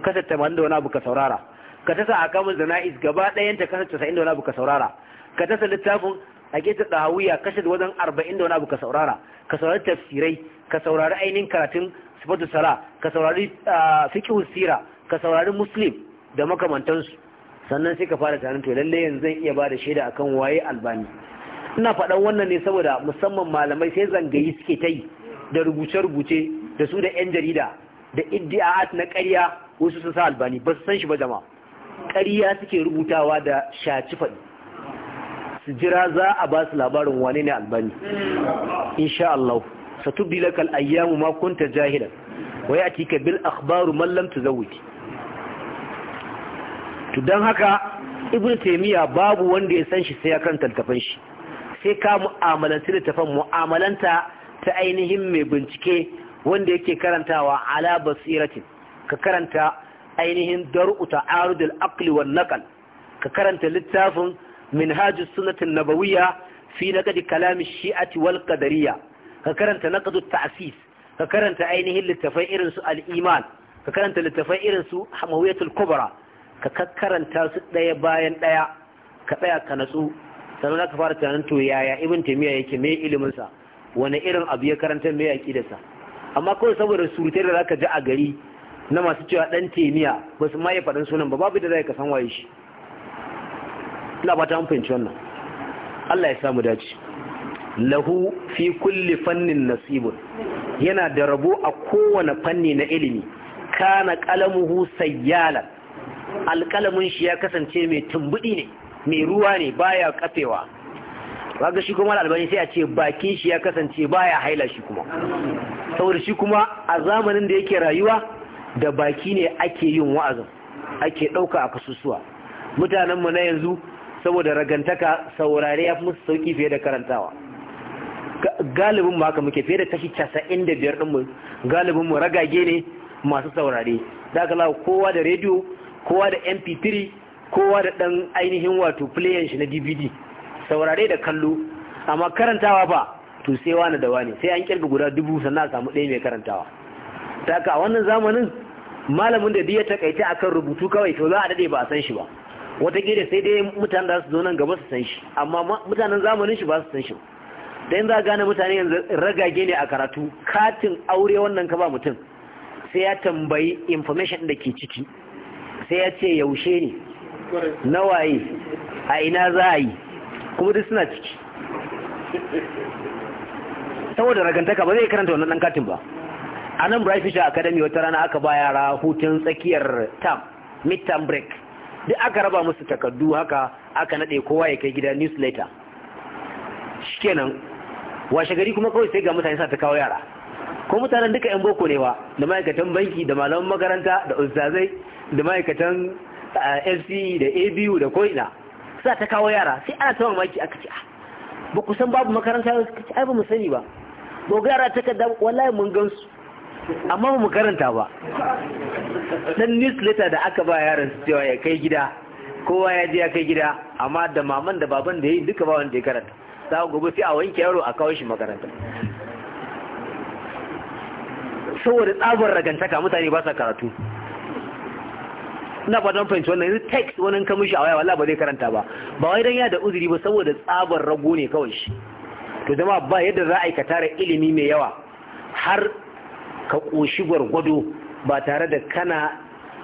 ka tamanin da wani abu ka saurara ka tasa a kamun zana'iz gaba ɗayan ta kasa casa'in da wani abu ka saurara ka tasa littafin a geta ɗawiya kashe wajen arba'in da wani abu ka saurara ka saurari tafsirai ka saurari ainihin karatun sifatu sala ka saurari fiqhu sira ka saurari muslim da makamantansu sannan sai ka fara tunanin to lalle yanzu zan iya bada shaida akan waye albani ina faɗan wannan ne saboda musamman malamai sai zangayi suke ta yi da rubuce-rubuce da su da 'yan jarida da iddi'at na ƙarya wasu sun sa albani ba su san shi ba jama'a ƙarya suke rubutawa da shaci su jira za a ba su labarin wane ne albani insha Allah satubdi lakal ayyamu ma kunta jahilan wa yatika bil akhbaru man lam tuzawwiji to dan haka ibnu taymiya babu wanda ya san shi sai ya kan littafin shi sai ka da tafan mu'amalanta ta ainihin mai bincike wanda yake karantawa ala basiratin ka karanta ainihin dar'u ta'arudul aqli wan naqal ka karanta littafin minhajus sunnatin nabawiyya fi naqdi kalami shi'ati wal qadariyya ka karanta naqdu ta'sis ka karanta ainihin littafai irin su al-iman ka karanta littafai irin su hamawiyatul kubra ka karanta su daya bayan daya ka tsaya ka natsu sannan ka fara tunanin to yaya ibn taymiya yake me ilimin sa wani irin abu ya karanta me ya sa amma kawai saboda surutai da zaka ji a gari na masu cewa dan taymiya ba su ya faɗin sunan ba babu da zai ka san waye shi ina ba ta fahimci wannan Allah ya samu dace lahu fi kulli fannin nasibun yana da rabo a kowane fanni na ilimi kana kalamuhu sayyalan alqalamin shi ya kasance mai tumbudi ne mai ruwa ne baya kafewa kaga shi kuma albani sai a ce bakin shi ya kasance baya haila shi kuma saboda shi kuma a zamanin da yake rayuwa da baki ne ake yin wa'azi ake dauka a kasusuwa mutanenmu na yanzu saboda ragantaka saurare ya fi musu sauki fiye da karantawa galibin mu haka muke fiye da kashi 95 din mu galibin mu ragage ne masu saurare da ka kowa da radio kowa da mp3 kowa da dan ainihin wato player shi na dvd saurare da kallo amma karantawa ba to sai wani da wani sai an kirga guda dubu sannan a samu ɗaya mai karantawa da a wannan zamanin malamin da ya a akan rubutu kawai to za a dade ba a san shi ba wataƙila sai dai mutanen da su zo nan gaba su san shi amma mutanen zamanin shi ba su san shi ba da za a gane mutane yanzu ragage ne a karatu katin aure wannan ka ba mutum sai ya tambayi information da ke ciki sai ya ce yaushe ne nawaye a ina za a yi kuma duk suna ciki saboda ragantaka ba zai karanta wannan katin ba a nan bright future academy wata rana aka ba yara hutun tsakiyar tam midterm break duk aka raba musu takardu haka aka nade kowa ya kai gida newsletter shikenan washe gari kuma kawai sai ga mutane sa ta kawo yara ko mutanen duka yan boko ne ba da ma'aikatan banki da malaman makaranta da ustazai da ma'aikatan eh, fce da abu da ko'ina sa ta kawo yara sai ana tawon maki aka ce ah, ba ku san babu makaranta ai ba mu sani ba ba yara ta kada wallahi mun gansu amma ba mu karanta ba dan newsletter da aka ba yaran su cewa ya kai gida kowa ya je ya kai gida amma da maman da baban da yi duka ba wanda ya karanta wasa gobe sai a wanke yaro a kawo shi makaranta saboda tsabar ragantaka mutane ba sa karatu na fatan fahimci wannan yanzu text wani kamun a waya wala ba zai karanta ba ba wai dan ya da uzuri ba saboda tsabar rago ne kawai shi to zama ba yadda za a yi ka ilimi mai yawa har ka ƙoshi gwargwado ba tare da kana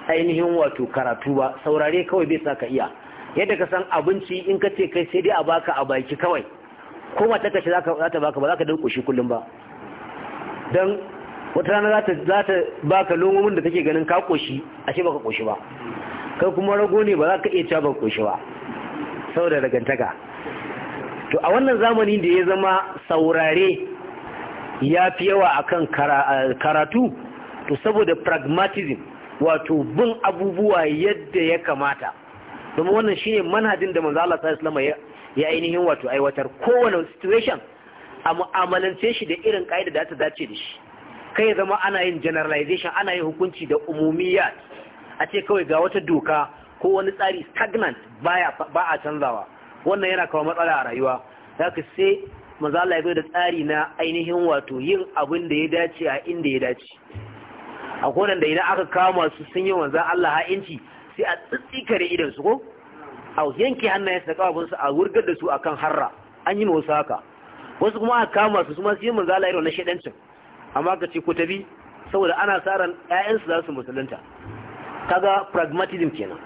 ainihin wato karatu ba saurare kawai bai sa ka iya yadda ka san abinci in ka ce kai sai dai a baka a baki kawai ko matar kashi za ta baka ba za ka shi kullum ba don wata rana za ta baka lomomin da take ganin ka a ashe baka koshi ba kai kuma rago ne ba za ka iya cewa baka koshi ba sau da ragantaka to a wannan zamani da ya zama saurare ya fi yawa akan karatu to saboda pragmatism wato bin abubuwa yadda ya kamata domin wannan shine manhajin da manzo Allah sallallahu alaihi ya ainihin wato aiwatar kowane situation a mu'amalance shi da irin ƙa'ida da ta dace da shi kai zama ana yin generalization ana yin hukunci da umumiyat a ce kawai ga wata doka ko wani tsari stagnant baya ba a canzawa wannan yana kawo matsala a rayuwa Za ka sai maza ya da tsari na ainihin wato yin abin da ya dace a inda ya dace a kodan da idan aka kama su sun yi wanzan Allah ha'inci sai a tsitsikare idan su ko a yanke hannayen da a wurgar da su kan harra an yi mawasu haka wasu kuma aka kama su suma sai manzo Allah irin na shedancin amma ka ce ko tabi saboda ana saran ƴaƴansu za su musulunta kaga pragmatism kenan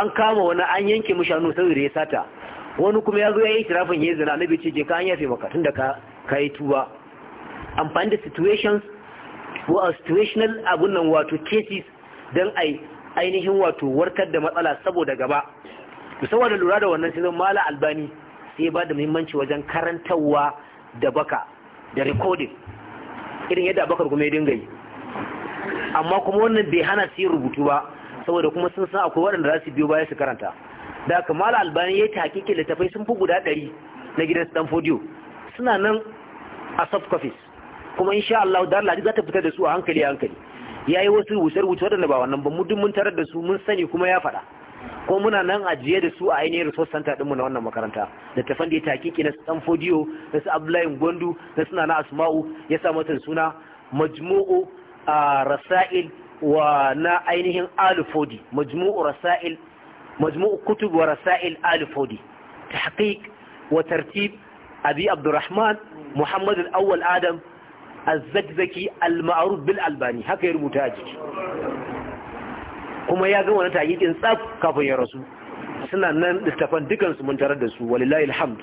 an kama wani an yanke mishi hannu saboda ya sata wani kuma ya zo ya yi tirafin ya zina na bice an yafe maka tunda ka ka yi tuba amfani da situations ko a situational abun nan wato cases don ai ainihin wato warkar da matsala saboda gaba to saboda lura da wannan sai mala albani sai ba da muhimmanci wajen karantarwa da baka da recording irin yadda bakar kuma ya dinga yi amma kuma wannan bai hana su rubutu ba saboda kuma sun san akwai waɗanda za su biyo baya su karanta da haka mala albani ya yi hakikin littafai sun fi guda ɗari na gidan stanford suna nan a soft copies kuma insha Allah da Allah za ta fitar da su a hankali a hankali yayi wasu rubuce-rubuce waɗanda ba wannan ba mu duk mun tarar da su mun sani kuma ya faɗa ko muna nan ajiye da su a ainihin resource center dinmu na wannan makaranta da tafan da ya takiki na san fodiyo na su abdullahi gwandu na suna na asma'u ya sa mata suna majmu'u a rasail wa na ainihin alifodi majmu'u rasail majmu'u kutub wa rasail alifodi tahqiq wa tartib abi abdurrahman muhammad al-awwal adam albani haka ya rubuta a jiki. kuma ya ga wani tahikin tsaf kafin ya rasu suna nan littafan dukansu mun tarar da su walilai alhamd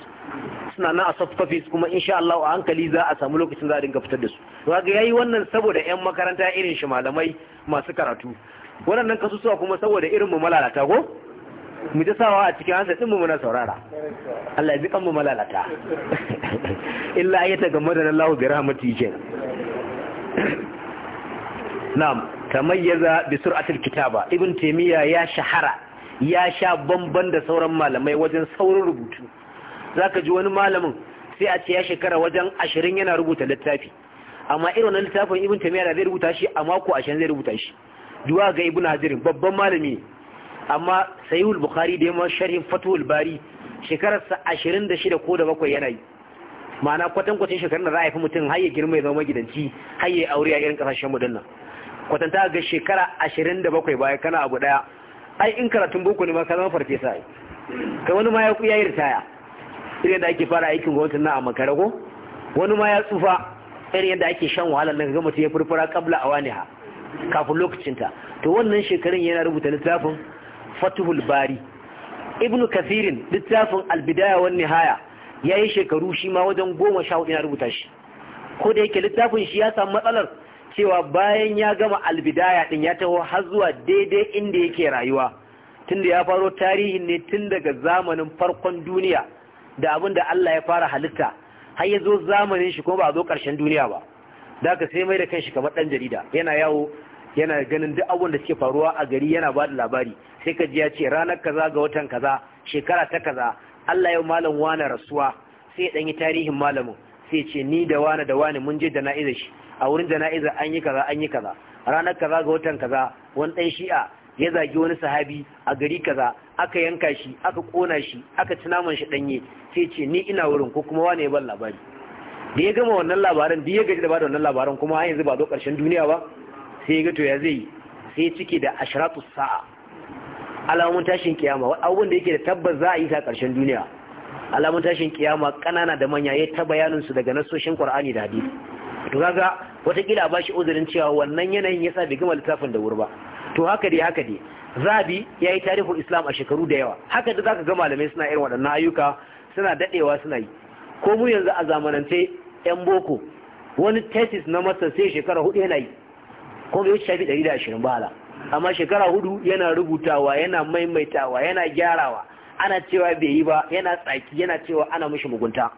suna nan a soft kuma insha Allah a hankali za a samu lokacin za a dinga fitar da su ya yayi wannan saboda yan makaranta irin shi malamai masu karatu waɗannan kasusuwa kuma saboda irin mu malalata ko mu ta sawa a cikin hansa din mu muna saurara Allah ya bi kan mu malalata illa ayata ga madan bi rahmatihi na'am tamayyaza bi sur'atil kitaba ibn taymiya ya shahara ya sha bamban da sauran malamai wajen saurin rubutu zaka ji wani malamin sai a ce ya shekara wajen ashirin yana rubuta littafi amma irin wannan littafin ibn taymiya da zai rubuta shi a mako ashirin zai rubuta shi duwa ga ibn hajar babban malami amma sahihul bukhari da yamma sharhin fatul bari shekararsa ashirin da ko da bakwai yana yi ma'ana kwatankwacin shekarun da za a haifi mutum har ya girma ya zama magidanci har ya aure a irin kasashen mu dinnan kwatanta ga shekara ashirin da bakwai baya kana abu daya ai in karatun boko ne ma ka zama farfesa ka wani ma ya kuya yi ritaya irin da ake fara aikin gwamnatin na a makare ko wani ma ya tsufa irin yadda ake shan wahala na ga mutum ya furfura kabla ha kafin lokacinta to wannan shekarun yana rubuta littafin fatuhul bari ibnu kathirin littafin albidaya wan nihaya yayi shekaru shi ma wajen goma sha hudu yana rubuta shi ko da yake littafin shi ya samu matsalar cewa bayan ya gama albidaya din ya taho har zuwa daidai inda yake rayuwa tunda ya faro tarihin ne tun daga zamanin farkon duniya da abin da Allah ya fara halitta har ya zo zamanin shi kuma ba a zo ƙarshen duniya ba da ka sai mai da kanshi kamar ɗan jarida yana yawo yana ganin duk abin da suke faruwa a gari yana ba da labari sai ka ji ya ce ranar kaza ga watan kaza shekara ta kaza Allah ya malam wani rasuwa sai ya ɗanyi tarihin malamin sai ce ni da wani da wani mun je da na shi a wurin jana'iza an yi kaza an yi kaza ranar kaza ga watan kaza wani ɗan shi'a ya zagi wani sahabi a gari kaza aka yanka shi aka kona shi aka ci naman shi ɗanye sai ce ni ina wurin ko kuma wane ya ban labari da ya gama wannan labaran da ya gaji da bada wannan labaran kuma har yanzu ba zo ƙarshen duniya ba sai ya ga to ya zai sai cike da ashratu sa'a alamun tashin kiyama abubuwan da yake da tabbas za a yi ta ƙarshen duniya alamun tashin kiyama ƙanana da manya ya ta bayanin su daga nasoshin qur'ani da hadisi to kaga watakila ba shi uzurin cewa wannan yanayin yasa bai gama littafin da wuri ba to haka dai haka dai zabi ya yi tarihin islam a shekaru da yawa haka da ka ga malamai suna irin waɗannan ayyuka suna daɗewa suna yi ko mu yanzu a zamanance yan boko wani tesis na masa sai shekara hudu yana yi ko bai shafi ɗari da ashirin ba ala amma shekara hudu yana rubutawa yana maimaitawa yana gyarawa ana cewa bai yi ba yana tsaki yana cewa ana mishi mugunta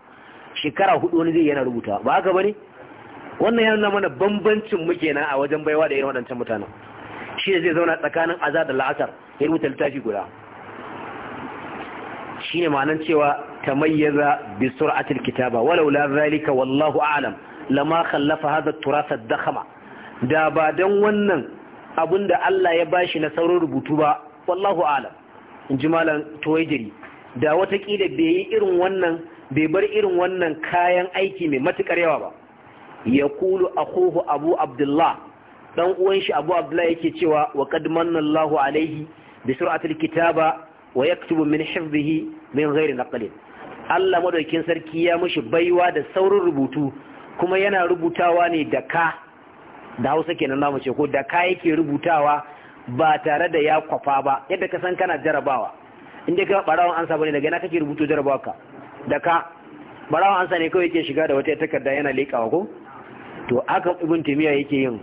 shekara hudu wani zai yana rubuta ba haka ba ne. wannan ya nuna mana bambancin muke na a wajen baiwa da irin waɗancan mutanen shi zai zauna tsakanin azar da la'asar ya rubuta littafi guda Shi ne ma'anan cewa ta mayyaza bi sur'atil kitaba walau la zalika wallahu a'lam lama khallafa hadha at-turasa ad-dakhama da ba dan wannan abinda Allah ya bashi na sauran rubutu ba wallahu a'lam in inji malam tuwaijiri da wata kila bai yi irin wannan bai bar irin wannan kayan aiki mai matukar yawa ba ya kulu akhuhu abu abdullah dan uwan shi abu abdullah yake cewa wa qad Allahu alaihi bi sur'atil kitaba wa yaktubu min hifdhihi min ghairi naqlin Allah madaukin sarki ya mushi baiwa da saurin rubutu kuma yana rubutawa ne da ka da Hausa kenan namu ce ko da ka yake rubutawa ba tare da ya kwafa ba yadda ka san kana jarabawa inda ka barawan ansa bane daga na kake rubutu jarabawa ka da ka barawan ansa ne kawai yake shiga da wata takarda yana leƙawa ko to akan ibn taymiya yake yin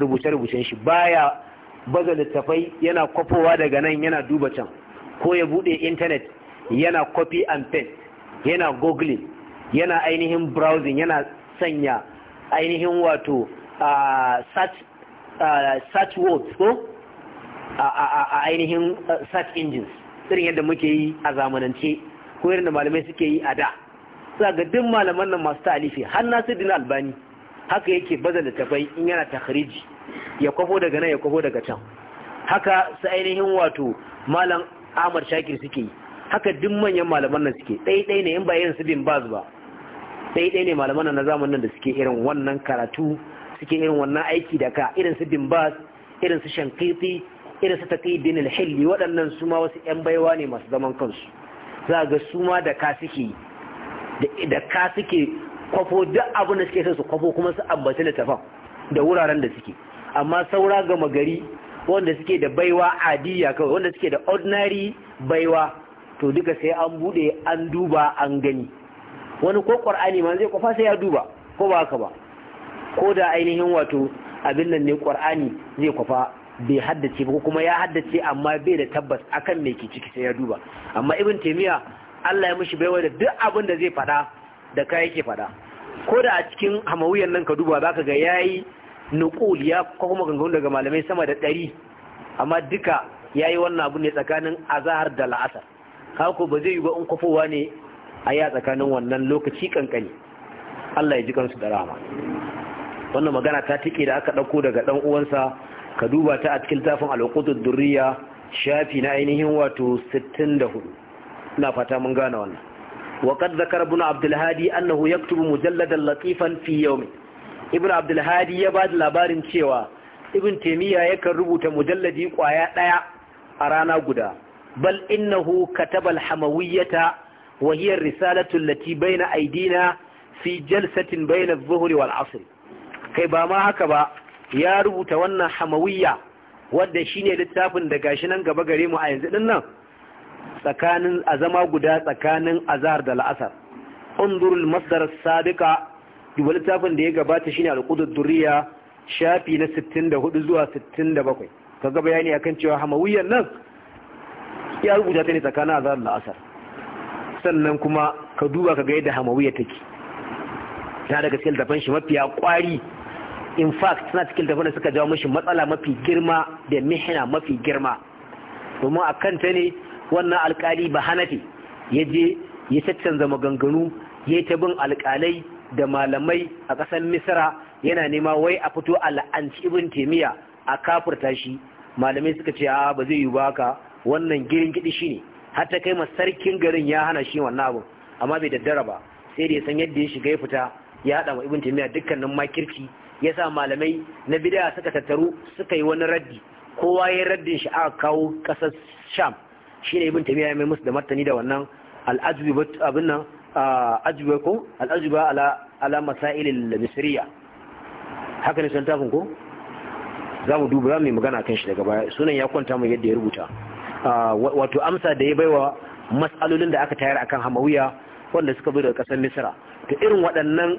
rubuce-rubucen shi baya baza littafai yana kwafowa daga nan yana duba can ko ya bude intanet yana copy and paste yana googling yana ainihin browsing yana sanya ainihin wato a search search words ko a ainihin search engines irin yadda muke yi a zamanance ko irin malamai suke yi a da za ga duk malaman nan masu talifi har dina albani haka yake baza tafai in yana takhriji ya kwafo daga nan ya kwafo daga can haka su ainihin wato malam Ahmad Shakir suke yi haka duk manyan malaman nan suke dai ne in ba irin su bin baz ba dai ne malaman nan na zamanin da suke irin wannan karatu suke irin wannan aiki da ka irin su bin baz irin su shankiti irin su taqidin al-hilli waɗannan su ma wasu ƴan baiwa ne masu zaman kansu za ga su ma da ka suke da ka suke kwafo duk abin da suke sai su kwafo kuma su ambaci littafan da wuraren da suke amma saura gama gari wanda suke da baiwa adiya kawai wanda suke da ordinary baiwa to duka sai an bude an duba an gani wani ko qur'ani ma zai kwafa sai ya duba ko ba haka ba ko da ainihin wato abin nan ne qur'ani zai kwafa bai haddace ba kuma ya haddace amma bai da tabbas akan me ke ciki sai ya duba amma ibn taymiya Allah ya mishi baiwa da duk abin da zai faɗa da ka yake fada ko da a cikin hamawiyan nan ka duba zaka ga yayi nuqul ya kuma gangan daga malamai sama da ɗari amma duka yayi wannan abu ne tsakanin azahar da la'asar ko ba zai yi ba in kofowa ne a ya tsakanin wannan lokaci kankani Allah ya ji kansu da rahama wannan magana ta tike da aka ɗauko daga dan uwansa ka duba ta a cikin tafin alƙutud durriya shafi na ainihin wato 64 ina fata mun gane wannan وقد ذكر ابن عبد الهادي انه يكتب مجلدا لطيفا في يوم ابن عبد الهادي يبعد لبارن شوى ابن تيمية يكن ربوت مجلدي قوايا لا ارانا قدا بل انه كتب الحموية وهي الرسالة التي بين ايدينا في جلسة بين الظهر والعصر كيبا ما هكذا يا ربوت wannan hamawiya wadda shine littafin da gashi nan gaba gare mu a yanzu din tsakanin azama guda tsakanin azhar da la'asar undur al-masdar sabiqa duba littafin da ya gabata shine al-qudud durriya shafi na 64 zuwa 67 kaga bayani akan cewa hamawiyyan nan ya rubuta ta ne tsakanin azhar da la'asar sannan kuma ka duba kaga yadda hamawiyya take ta daga cikin littafin shi mafiya kwari in fact suna cikin littafin da suka jawo mishi matsala mafi girma da mihina mafi girma domin a kanta ne wannan alkali ba hanafi ya je ya caccanza maganganu ya ta bin alkalai da malamai a ƙasar Misira. yana nema wai a fito al'anci ibn taimiyya a kafurta shi malamai suka ce a ba zai yi ba haka wannan girin gidi shi ne har ta kai sarkin garin ya hana shi wannan abin amma bai daddara ba sai da ya san yadda ya shiga ya fita ya haɗa wa ibn taimiyya dukkanin makirci ya sa malamai na bidaya suka tattaru suka yi wani raddi kowa ya raddin shi aka kawo ƙasar sham ne ibin tabiya ya mai musu da martani da wannan al-ajwiba abin nan ajwiba ko al ala ala masail haka ne sun tafin ko za mu duba mu magana kan shi daga baya sunan ya kwanta mai yadda ya rubuta wato amsa da ya baiwa mas'alolin da aka tayar akan hamawiya wanda suka bude daga kasar misira to irin waɗannan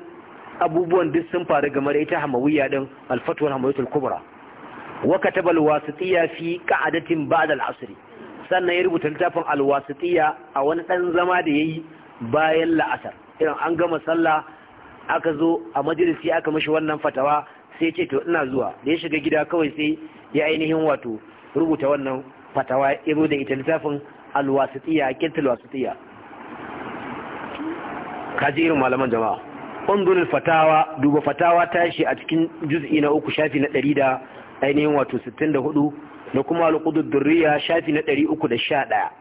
abubuwan duk sun faru game da ita hamawiya din alfatuwar fatwa hamawiyatul kubra wa kataba al-wasitiyya fi qa'adatin ba'da al sannan ya rubuta littafin alwasitiya a wani ɗan zama da ya yi bayan la'asar irin an gama sallah aka zo a majalisi aka mashi wannan fatawa sai ce to ina zuwa da ya shiga gida kawai sai ya ainihin wato rubuta wannan fatawa ya zo da ita littafin alwasitiya kintul wasitiya kaji irin malaman jama'a undurin fatawa duba fatawa tashi a cikin juz'i na uku shafi na ɗari da ainihin wato 64. da kuma alƙudur durriya shafi na ɗari uku da 311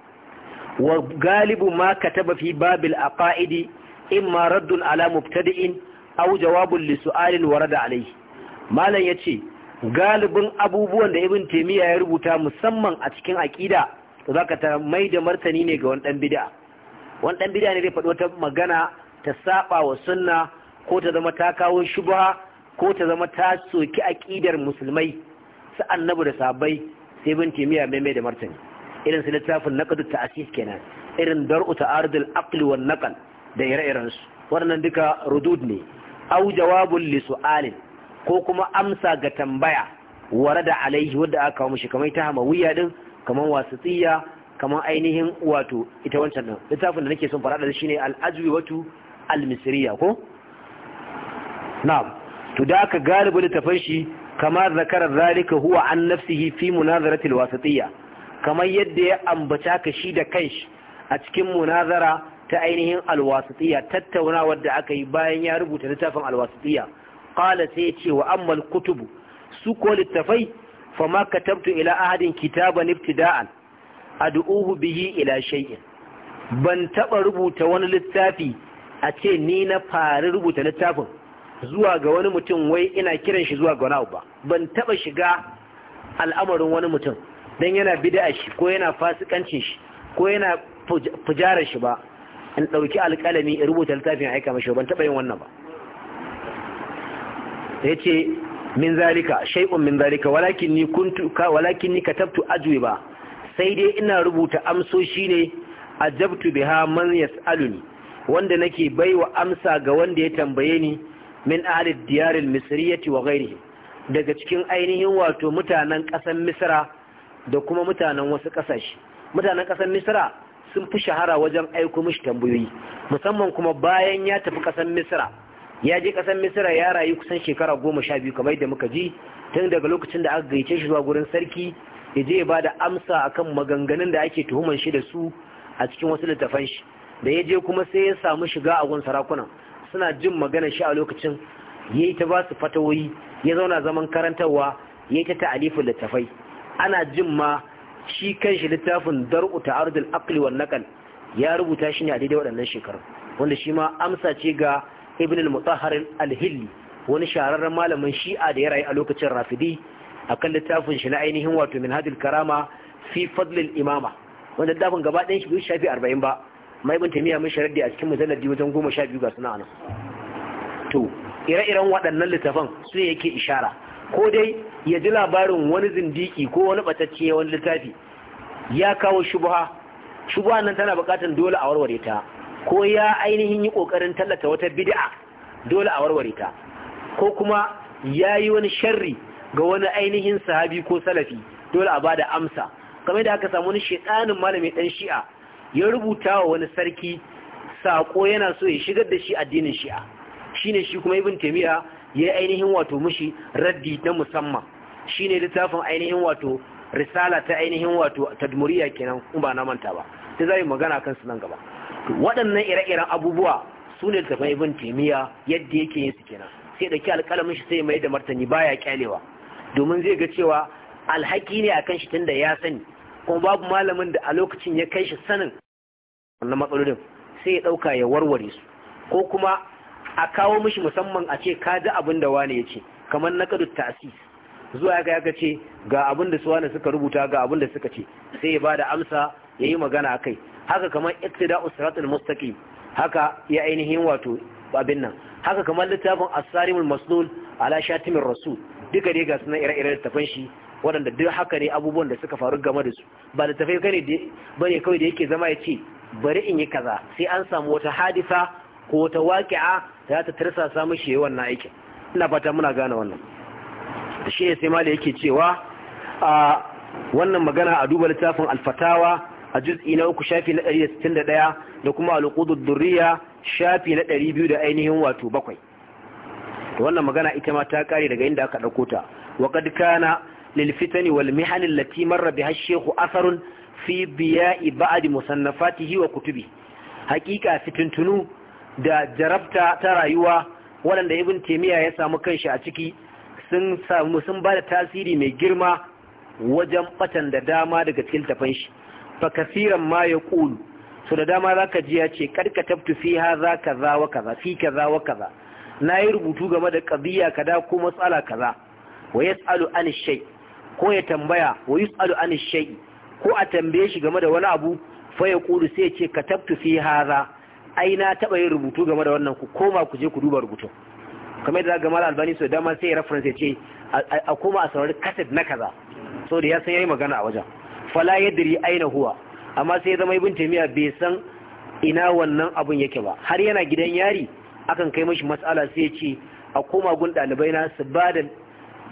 wa galibu ma kataba fi babil aqaidi imma raddun ala mubtadi'in aw jawabun li su'alin warada alayhi malam ya ce, galibin abubuwan da ibn taymiya ya rubuta musamman a cikin aƙida, to zaka ta mai da martani ne ga wani dan bid'a wani dan bid'a ne zai faɗo wata magana ta saba wa sunna ko ta zama ta kawo shubha ko ta zama ta soki aqidar musulmai su annabi da sabai sai bin timiya mai mai da martani irin su littafin naqdu ta'sis kenan irin dar'u ta'arud al-aql wa da ire-iren su wannan duka rudud ne aw jawabun li su'alin ko kuma amsa ga tambaya warada alaihi wadda aka kawo shi, kamar ta hamawiya din kamar wasitiya kamar ainihin wato ita wancan din littafin da nake son fara da ne al watu al-misriya ko na'am to da aka galibi littafin shi kama zakara zalika huwa an nafsihi fi munazaratil wasatiyya kamar yadda ya ambaca ka shi da kanshi a cikin munazara ta ainihin alwasatiyya tattaunawar da aka yi bayan ya rubuta littafin alwasatiyya qala sai ya ce wa ammal kutubu su ko littafai fama katabtu ila ahadin kitaban ibtida'an ad'uhu bihi ila shay'in ban taɓa rubuta wani littafi a ce ni na fara rubuta littafin zuwa ga wani mutum wai ina kiran shi zuwa ga ba ban taba shiga al'amarin wani mutum dan yana bid'a shi ko yana fasikancin shi ko yana fujarar shi ba in dauki alƙalami in rubuta littafin aika mashi ban taba yin wannan ba yace min zalika shay'un min zalika walakin ni kuntu walakin ni katabtu ajwiba sai dai ina rubuta amsoshi ne ajabtu biha man yas'aluni wanda nake baiwa amsa ga wanda ya tambaye ni min ahli diyar al misriyah wa ghayrihi daga cikin ainihin wato mutanen ƙasar Misra da kuma mutanen wasu kasashe mutanen kasar Misra sun fi shahara wajen aiko mishi tambayoyi musamman kuma bayan ya tafi kasar Misra ya je ƙasar Misra ya rayu kusan shekara goma sha biyu kamar yadda muka ji tun daga lokacin da aka gaice shi zuwa gurin sarki ya je ya ba da amsa akan maganganun da ake tuhuman shi da su a cikin wasu littafan shi da ya je kuma sai ya samu shiga a gun sarakunan suna jin magana shi a lokacin ya yi ta ba su fatawoyi ya zauna zaman karantarwa ya yi ta ta'alifin littafai ana jin ma shi kanshi littafin dar'u ta'arudul aqli wan naqal ya rubuta shi ne a daidai waɗannan shekaru wanda shi ma amsa ce ga ibn al-mutahhar al-hilli wani shahararren malamin shi'a da ya rayu a lokacin rafidi akan littafin shi na ainihin wato Hadin karama fi fadlil imama wanda littafin gaba ɗayan shi bai shafi arba'in ba mai ibn miya mun sharaddi a cikin mujalladi wajen goma sha biyu ga suna nan to ire-iren waɗannan littafan su yake ishara ko dai ya ji labarin wani zindiki ko wani ɓatacce wani littafi ya kawo shubha shubha nan tana buƙatar dole a warware ta ko ya ainihin yi ƙoƙarin tallata wata bid'a dole a warware ta ko kuma ya yi wani sharri ga wani ainihin sahabi ko salafi dole a ba da amsa kamar da aka samu wani shekanin malami ɗan shi'a ya rubuta wa wani sarki sako yana so ya shigar da shi addinin shi'a Shi ne shi kuma ibin taymiya ya yi ainihin wato mushi raddi na musamman Shi ne littafin ainihin wato risala ta ainihin wato tadmuriya kenan in ba na manta ba sai zai magana kan su nan gaba waɗannan ire-iren abubuwa su ne littafin ibin taymiya yadda yake yin su kenan sai ke alƙalamin shi sai mai da martani baya kyalewa domin zai ga cewa alhaki ne akan shi tunda ya sani kuma babu malamin da a lokacin ya kai shi sanin wannan matsalolin sai ya ɗauka ya warware su ko kuma a kawo mishi musamman a ce ka ji abin da wane ya ce kamar na kadu tasis zuwa ga ce ga abin da su wane suka rubuta ga abin da suka ce sai ya da amsa ya yi magana a kai haka kamar iktida usratul mustaqim haka ya ainihin wato abin nan haka kamar littafin asarimul maslul ala shatimin rasul duka dai ga sunan ire-iren da shi waɗanda duk haka ne abubuwan da suka faru game da su ba da tafai kai bane kawai da yake zama ya ce bari in yi kaza sai an samu wata hadisa ko wata waƙi'a ta ta tarsa samu shi wannan aikin ina fata muna gane wannan shi ne sai ma da yake cewa a wannan magana a duba littafin alfatawa a juz'i na uku shafi na 161 da kuma alƙudu durriya shafi na 200 da ainihin wato bakwai wannan magana ita ma ta kare daga inda aka ɗauko ta wa kad kana للفتن والمحن التي مر بها الشيخ أثر في ضياء بعض مصنفاته haƙiƙa حقيقة فتنتنو da jarabta ta rayuwa waɗanda ibn taimiyya ya samu kanshi a ciki sun samu sun ba tasiri mai girma wajen batan da dama daga cikin tafan shi fa ma ya ƙulu so da dama za ka ji ya ce karka taftu fi ha kaza wa kaza fi kaza wa kaza na yi rubutu game da ƙabiya kaza ko matsala kaza wa yas'alu an shay ko ya tambaya wa yus'alu an shay'i ko a tambaye shi game da wani abu fa ya kudu sai ce katabtu fi hadha ai na taba yin rubutu game da wannan ku koma ku je ku duba rubutu kamar yadda ga mal albani so dama sai ya reference ya ce a koma a saurari kaset na kaza da ya san yayi magana a wajen fala yadri aina huwa amma sai ya zama ibn taymiya bai san ina wannan abun yake ba har yana gidan yari akan kai mashi matsala sai ya ce a koma gun ɗalibai na su ba da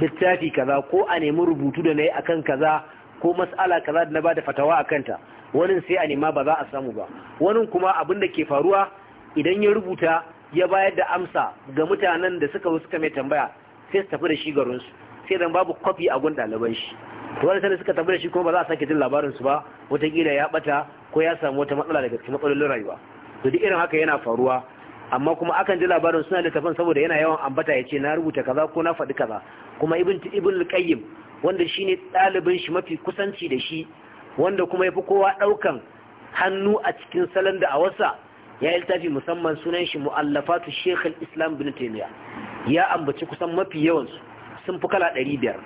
littafi kaza ko a nemi rubutu da na yi akan kaza ko mas'ala kaza da na ba da fatawa a kanta wani sai a nema ba za a samu ba wani kuma abin da ke faruwa idan ya rubuta ya bayar da amsa ga mutanen da suka suka mai tambaya sai su tafi da shi garinsu sai dan babu kwafi a gun ɗaliban shi wani sanin suka tafi da shi kuma ba za a sake jin labarin su ba wataƙila ya bata ko ya samu wata matsala daga cikin matsalolin rayuwa to duk irin haka yana faruwa amma kuma akan ji labarin suna littafin saboda yana yawan ambata ya ce na rubuta kaza ko na faɗi kaza kuma ibn ibn al-qayyim wanda shine ɗalibin shi mafi kusanci da shi wanda kuma yafi kowa ɗaukan hannu a cikin salon da a wasa ya yi littafi musamman sunan shi mu'allafatu sheikh al-islam bin taymiya ya ambaci kusan mafi yawan su sun fi kala biyar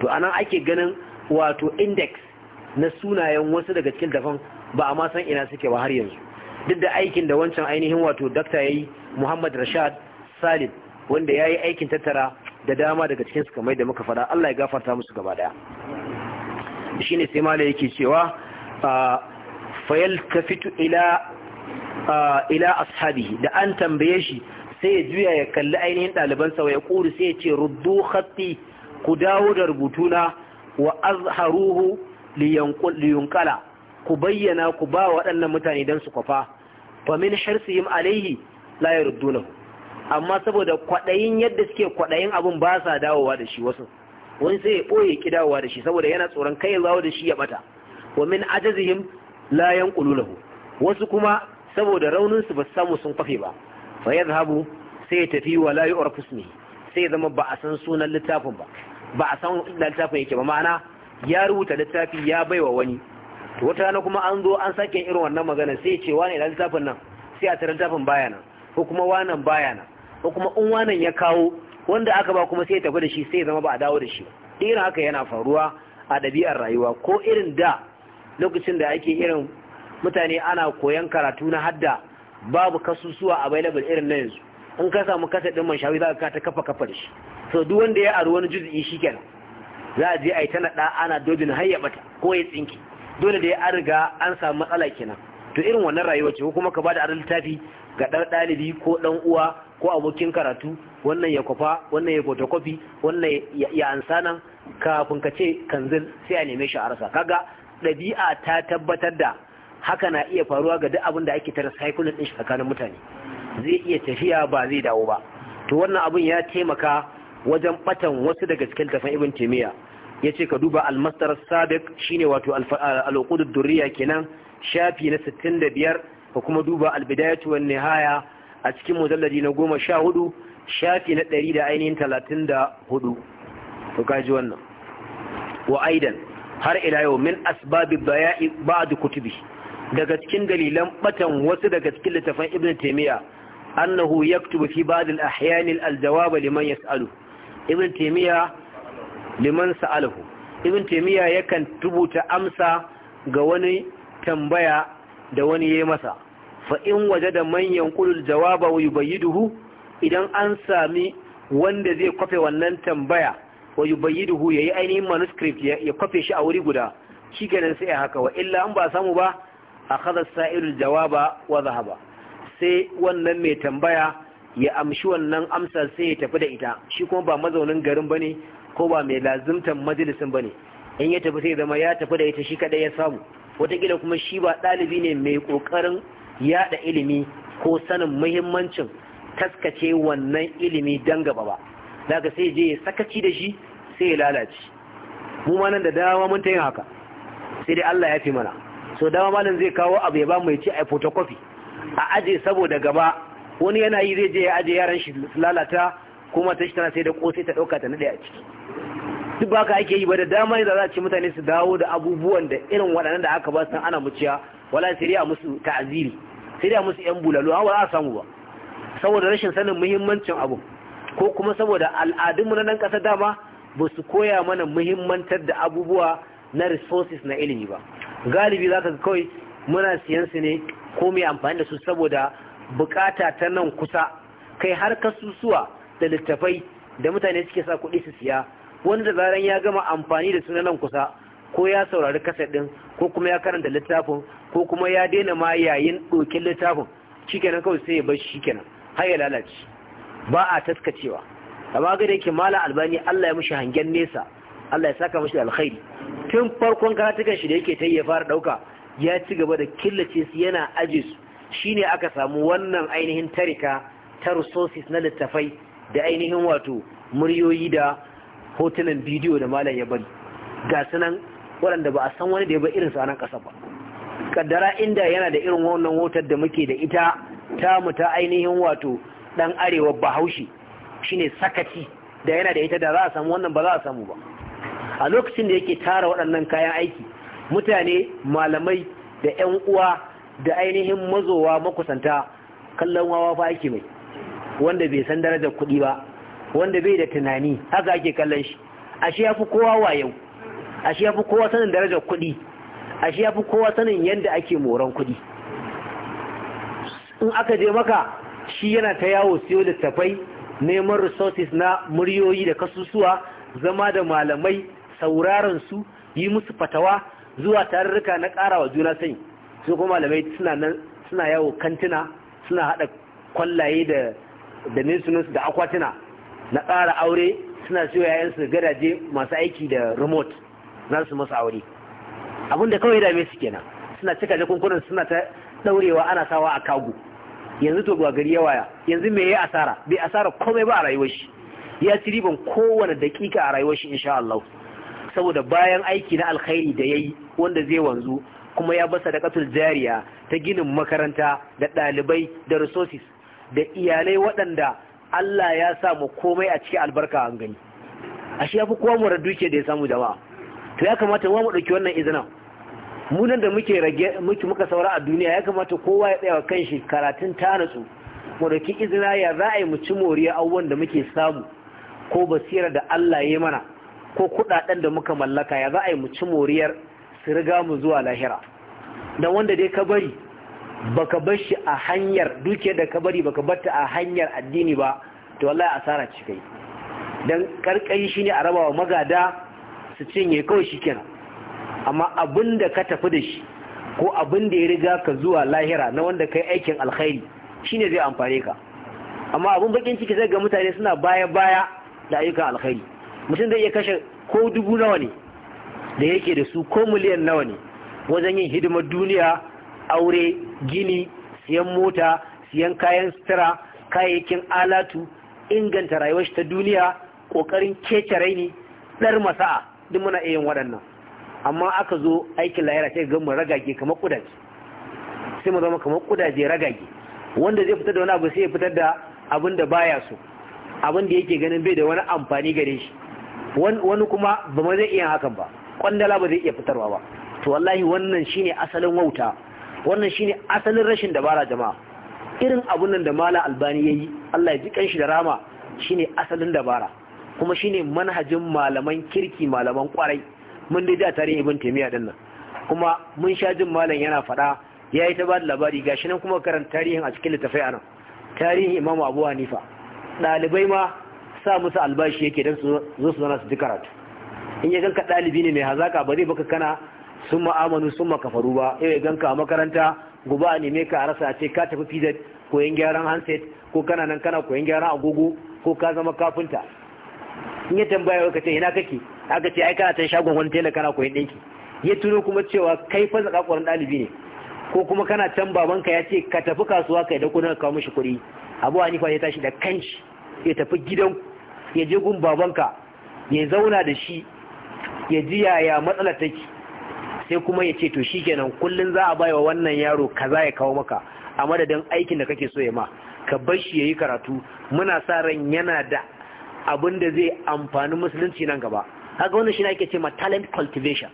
to anan ake ganin wato index na sunayen wasu daga cikin dafan ba a ma san ina suke ba har yanzu duk da aikin da wancan ainihin wato dakta ya yi Muhammad Rashad Salim wanda ya yi aikin tattara da dama daga cikin su kamar da muka fada Allah ya gafarta musu gaba daya ne sai yake cewa fayal ka fito ila ashabi da an tambaye shi sai ya juya ya kalli ainihin ɗalibansa wa ya ƙuri sai ya ce ruddu hatti ku dawo da rubutuna wa azharuhu liyunkala ku bayyana ku ba waɗannan mutane don su kwafa fa min hirsihim alaihi la yardunahu amma saboda kwaɗayin yadda suke kwaɗayin abun ba sa dawowa da shi wasu wani sai ya ɓoye ki dawowa da shi saboda yana tsoron kai zawo da shi ya ɓata wa min ajazihim la yanqulunahu wasu kuma saboda raunin su samu sun kwafe ba fa yadhhabu sai ya tafi wa la yu'rafu ismihi sai zama ba a san sunan littafin ba ba a san littafin yake ba ma'ana ya rubuta littafi ya baiwa wani to wata rana kuma an zo an sake irin wannan magana sai ce wani idan littafin nan sai a tarin tafin baya nan ko kuma wanan baya nan ko kuma in wanan ya kawo wanda aka ba kuma sai ya tafi da shi sai ya zama ba a dawo da shi irin haka yana faruwa a ɗabi'ar rayuwa ko irin da lokacin da ake irin mutane ana koyan karatu na hadda babu kasusuwa a available irin na yanzu in ka samu kasa ɗin man shawi za ka ta kafa kafa da shi so duk wanda ya aru wani juz'i shikenan za a je a yi ta naɗa ana dodin har ya bata ko ya tsinki dole da ya an riga an samu matsala kenan to irin wannan rayuwa ce ko kuma ka bada aran littafi ga ɗan ɗalibi ko dan uwa ko abokin karatu wannan ya kwafa wannan ya photocopy wannan ya ansa nan kafin ka ce kanzil sai a neme shi a kaga ɗabi'a ta tabbatar da haka na iya faruwa ga duk abin da ake tare cycle din shi tsakanin mutane zai iya tafiya ba zai dawo ba to wannan abun ya taimaka wajen batan wasu daga cikin tafan ibn timiya Ya ce ka duba al-masdar shine wato al-uqud kenan shafi na 65 ka kuma duba al-bidayatu nihaya a cikin mujalladi na hudu shafi na ɗari da ainihin hudu. to kaji wannan wa aidan har ila yau min asbabi ba ba'd kutubi daga cikin dalilan batan wasu daga cikin littafan ibn taymiya annahu yaktubu fi ba'd al-ahyan al-jawab liman yas'alu ibn liman sa'alahu ibn taymiya yakan rubuta amsa ga wani tambaya da wani yayi masa fa in wajada man yanqulu aljawaba wa yubayyiduhu idan an sami wanda zai kwafe wannan tambaya wa yubayyiduhu yayi ainihin manuscript ya kwafe shi a wuri guda shi ganin sai haka wa illa an ba samu ba akhadha sa'ilu jawaba wa dhahaba sai wannan mai tambaya ya amshi wannan amsar sai ya tafi da ita shi kuma ba mazaunin garin bane ko ba mai lazimtan majalisin ba ne. in ya tafi sai zama ya tafi da ita shi kadai ya samu wataƙila kuma shi ba ɗalibi ne mai ƙoƙarin yaɗa ilimi ko sanin muhimmancin taskace wannan ilimi don gaba ba daga sai je ya sakaci da shi sai ya lalace mu ma nan da dawa mun ta yin haka sai dai Allah ya fi mana so dawa malam zai kawo abu ya ba mai ci a photocopy a aje saboda gaba wani yana yi zai je ya ajiye yaran shi lalata kuma ta shi tana sai da kosai ta ɗauka ta naɗe a ciki duk ba ka ake yi ba da dama ne za a ci mutane su dawo da abubuwan da irin waɗannan da aka ba su ana muciya wala sai musu ta'aziri sai musu yan bulalu an wala a samu ba saboda rashin sanin muhimmancin abu ko kuma saboda al'adunmu na nan ƙasa dama ba su koya mana muhimmantar da abubuwa na resources na ilimi ba galibi za ka kawai muna siyan su ne ko mai amfani da su saboda bukata ta nan kusa kai har kasusuwa da littafai da mutane suke sa kuɗi su siya wanda da zaran ya gama amfani da sunanan nan kusa ko ya saurari kasar ɗin ko kuma ya karanta littafin ko kuma ya daina ma yayin ɗokin littafin shikenan kawai sai ya bar shi kenan har ya lalace ba a taskacewa amma ga da yake mala albani Allah ya mishi hangen nesa Allah ya saka mishi alkhairi tun farkon karatukan shi da yake ta yi ya fara ɗauka, ya ci gaba da killace su yana aji su shine aka samu wannan ainihin tarika ta resources na littafai da ainihin wato muryoyi da hotunan bidiyo da malam ya bari ga sunan waɗanda ba a san wani da ya bar irin nan ƙasa ba kaddara inda yana da irin wannan hotar da muke da ita ta muta ainihin wato ɗan arewa bahaushe shine Sakati da yana da ita da za a samu wannan ba za a samu ba a lokacin da yake tara waɗannan kayan aiki mutane malamai da 'yan uwa da ainihin mazowa makusanta kallon wawa fa aiki mai wanda bai san darajar kuɗi ba wanda bai da tunani haka ake kallon shi ashe ya fi kowa wayau ashe ya fi kowa sanin darajar kuɗi ashe ya fi kowa sanin yadda ake moran kuɗi in aka je maka shi yana ta yawo siyo littafai neman resources na muryoyi da kasusuwa zama da malamai sauraron su yi musu fatawa zuwa tarurruka na ƙara wa juna sani su kuma malamai suna yawo kantina suna haɗa kwallaye da da mesunus da akwatuna na ƙara aure suna siyo yayansu gadaje masu aiki da remote na su masu aure abin da kawai dame su kenan suna cika jakunkunan suna ta ɗaurewa ana sawa a kago yanzu to ba gari waya yanzu me ya asara bai asara komai ba a rayuwar shi ya ci riban kowane dakika a rayuwar shi insha Allah saboda bayan aiki na alkhairi da yayi wanda zai wanzu kuma ya basa da katul jariya ta ginin makaranta da ɗalibai da resources da iyalai waɗanda Allah ya sa mu komai a cikin albarka an gani ashe yafi kowa mu duke da ya samu jama'a to ya kamata mu ɗauki wannan izina mu nan da muke rage muke muka saura a duniya ya kamata kowa ya tsaya shi karatun ta natsu mu ɗauki izina ya za a yi mu ci moriya abubuwan da muke samu ko basira da Allah ya yi mana ko kuɗaɗen da muka mallaka ya za a yi mu ci moriyar su riga mu zuwa lahira dan wanda dai ka bari baka bar shi a hanyar duke da ka bari baka batta a hanyar addini ba to wallahi asara ci kai dan karkari shine a rabawa magada su cinye kawai shikenan amma abinda ka tafi da shi ko abin da ya riga ka zuwa lahira na wanda kai aikin alkhairi shine zai amfane ka amma abin bakin ciki sai ga mutane suna baya baya da ayyukan alkhairi mutum zai iya kashe ko dubu nawa ne da yake da su ko miliyan nawa ne wajen yin hidimar duniya aure gini siyan mota siyan kayan sutura kayayyakin alatu inganta rayuwar ta duniya ƙoƙarin kece raini dar masa'a duk muna iya yin waɗannan amma aka zo aikin lahira sai ga mu ragage kamar kudaje sai mu zama kamar kudaje ragage wanda zai fitar da wani abu sai ya fitar da abin da baya so abin da yake ganin bai da wani amfani gare shi wani kuma ba ma zai iya hakan ba kwandala ba zai iya fitarwa ba to wallahi wannan shine asalin wauta wannan shine asalin rashin dabara jama'a irin abun nan da mala albani ya yi Allah ya ji kanshi da rama shine asalin dabara kuma shine manhajin malaman kirki malaman kwarai mun dai da tarihi ibn taymiya din nan kuma mun sha jin malam yana fada yi ta ba da labari gashi nan kuma karanta tarihin a cikin littafai nan tarihin imamu abu hanifa dalibai ma sa musu albashi yake don su zo su zana su ji karatu in ya ganka dalibi ne mai hazaka ba zai baka kana sun ma'amanu sun makafaru ba yau eh, ya ka a makaranta guba a neme ka a rasa ce ka tafi fizet koyan gyaran handset ko kana nan kana koyon gyaran agogo ko ka zama kafinta in ya tambaya wa kace ina kake aka ce ai kana tan shagon wani tela kana koyan dinki ya tuno kuma cewa kai fa zakakurin ɗalibi ne ko kuma kana can babanka ya ce ka tafi kasuwa kai da kuna kawo mishi kuɗi abu hanifa ya tashi da kanshi ya tafi gidan ya je gun babanka ya zauna da shi ya ji yaya matsalar take sai kuma ya ce to shi shikenan kullun za a wa wannan yaro kaza ya kawo maka a madadin aikin da kake so ya ma ka bar shi yayi karatu muna sa ran yana da abin da zai amfani musulunci nan gaba haka wannan ne ake ce ma talent cultivation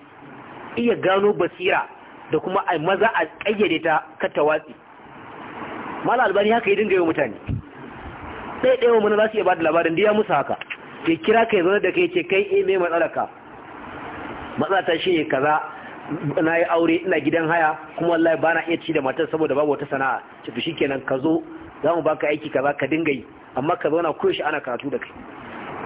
iya gano basira da kuma a maza a kayyade ta kata watsi mala albani haka ya dinga yi mutane sai ɗaya mana za su iya ba da labarin da ya musu haka ke kira ka yi da kai ce kai eh mai matsalaka matsala shi ne kaza na yi aure ina gidan haya kuma wallahi ba na iya ci da matar saboda babu wata sana'a ce to kenan ka zo za mu baka aiki kaza ka dinga yi amma ka zauna koyaushe ana karatu da kai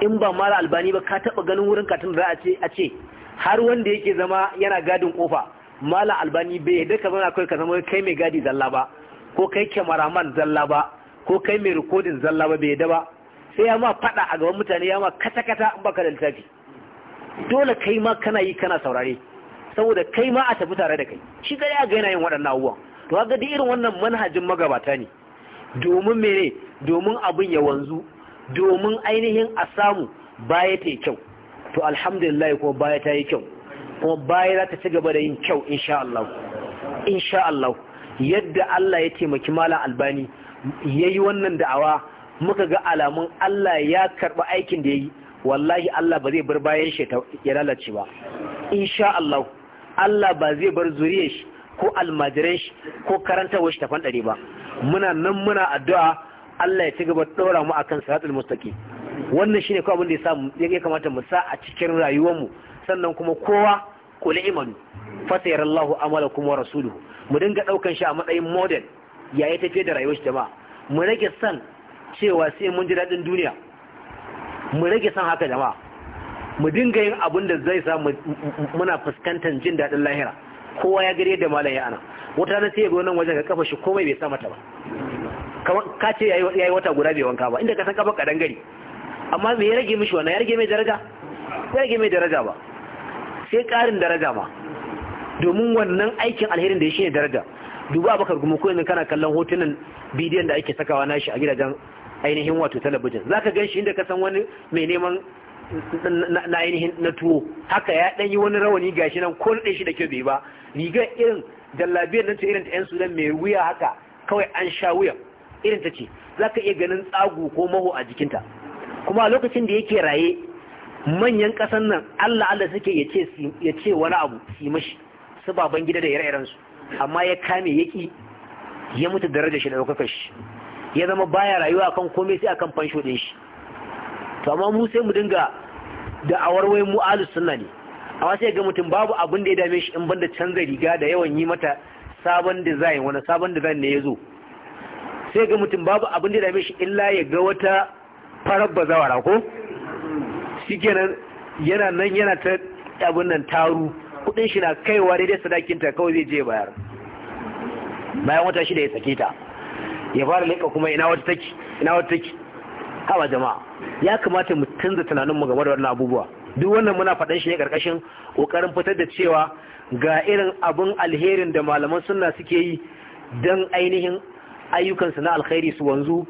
in ba mara albani ba ka taba ganin wurin katin da a ce a ce har wanda yake zama yana gadin kofa mala albani bai yadda ka zauna kai ka zama kai mai gadi zalla ba ko kai kyamaraman zalla ba ko kai mai rikodin zalla ba bai yadda ba sai ya ma fada a gaban mutane ya ma kata kata in baka da littafi dole kai ma kana yi kana saurare saboda kai ma a tafi tare da kai shi kare a yana yin waɗannan abubuwan to haka da irin wannan manhajin magabata ne domin mene domin abin ya wanzu domin ainihin a samu baya ta yi kyau to alhamdulillah kuma baya ta yi kyau kuma baya za ta ci gaba da yin kyau insha Allah insha Allah yadda Allah ya taimaki malam albani ya yi wannan da'awa muka ga alamun Allah ya karɓi aikin da ya yi wallahi Allah ba zai bar bayan shi ya lalace ba insha Allah Allah ba zai bar zuriyar shi ko almajiran shi ko wa shi ta fandare ba muna nan muna addu'a Allah ya ci gaba ɗora mu akan siratul mustaqim wannan shine ko abin da ya ya kamata mu sa a cikin rayuwar mu sannan kuma kowa kula imanu sayarallahu amalakum wa rasuluhu mu dinga daukan shi a matsayin model yayi tafiye da rayuwar jama'a mu rage san cewa sai mun ji daɗin duniya mu rage san haka jama'a mu dinga yin abin da zai sa muna fuskantar jin daɗin lahira kowa ya gare da malaye ana wata na sai nan wajen ka kafa shi komai bai sa mata ba ka ce yayi wata guda bai wanka ba inda ka san kafa kadan gari amma me ya rage mishi wannan ya rage mai daraja ya rage mai daraja ba sai karin daraja ma domin wannan aikin alherin da ya shine daraja duba abakar kuma ko kana kallon hotunan bidiyon da ake sakawa nashi a gidajen ainihin wato talabijin zaka gan shi inda ka san wani mai neman na ainihin na tuwo haka ya ɗan yi wani rawani gashi nan ko ɗin shi da kyau bai ba rigar irin jallabiyar nan ta irin ta 'yan sudan mai wuya haka kawai an sha wuya irin ta ce za ka iya ganin tsagu ko maho a jikinta kuma a lokacin da yake raye manyan ƙasan nan allah allah suke ya ce wani abu su mashi su baban gida da ire-irensu amma ya kame ya ya mutu darajar shi da ɗaukakar shi ya zama baya rayuwa akan komai sai akan fansho ɗin shi to amma mu sai mu dinga da awarwai mu ahlus sunna ne amma sai ga mutum babu abin da ya dame shi in banda canza riga da yawan yi mata sabon design wani sabon design ne ya zo sai ga mutum babu abin da ya dame shi illa ya ga wata farar bazawara ko shikenan yana nan yana ta abin nan taru kudin shi na kaiwa daidai sadakinta kawai zai je bayar bayan wata shida ya sake ta ya fara leƙa kuma ina wata take ina wata take hawa jama'a ya kamata mu canza tunaninmu game da wannan abubuwa duk wannan muna faɗan shi ne ƙarƙashin ƙoƙarin fitar da cewa ga irin abin alherin da malaman sunna suke yi don ainihin ayyukansu na alkhairi su wanzu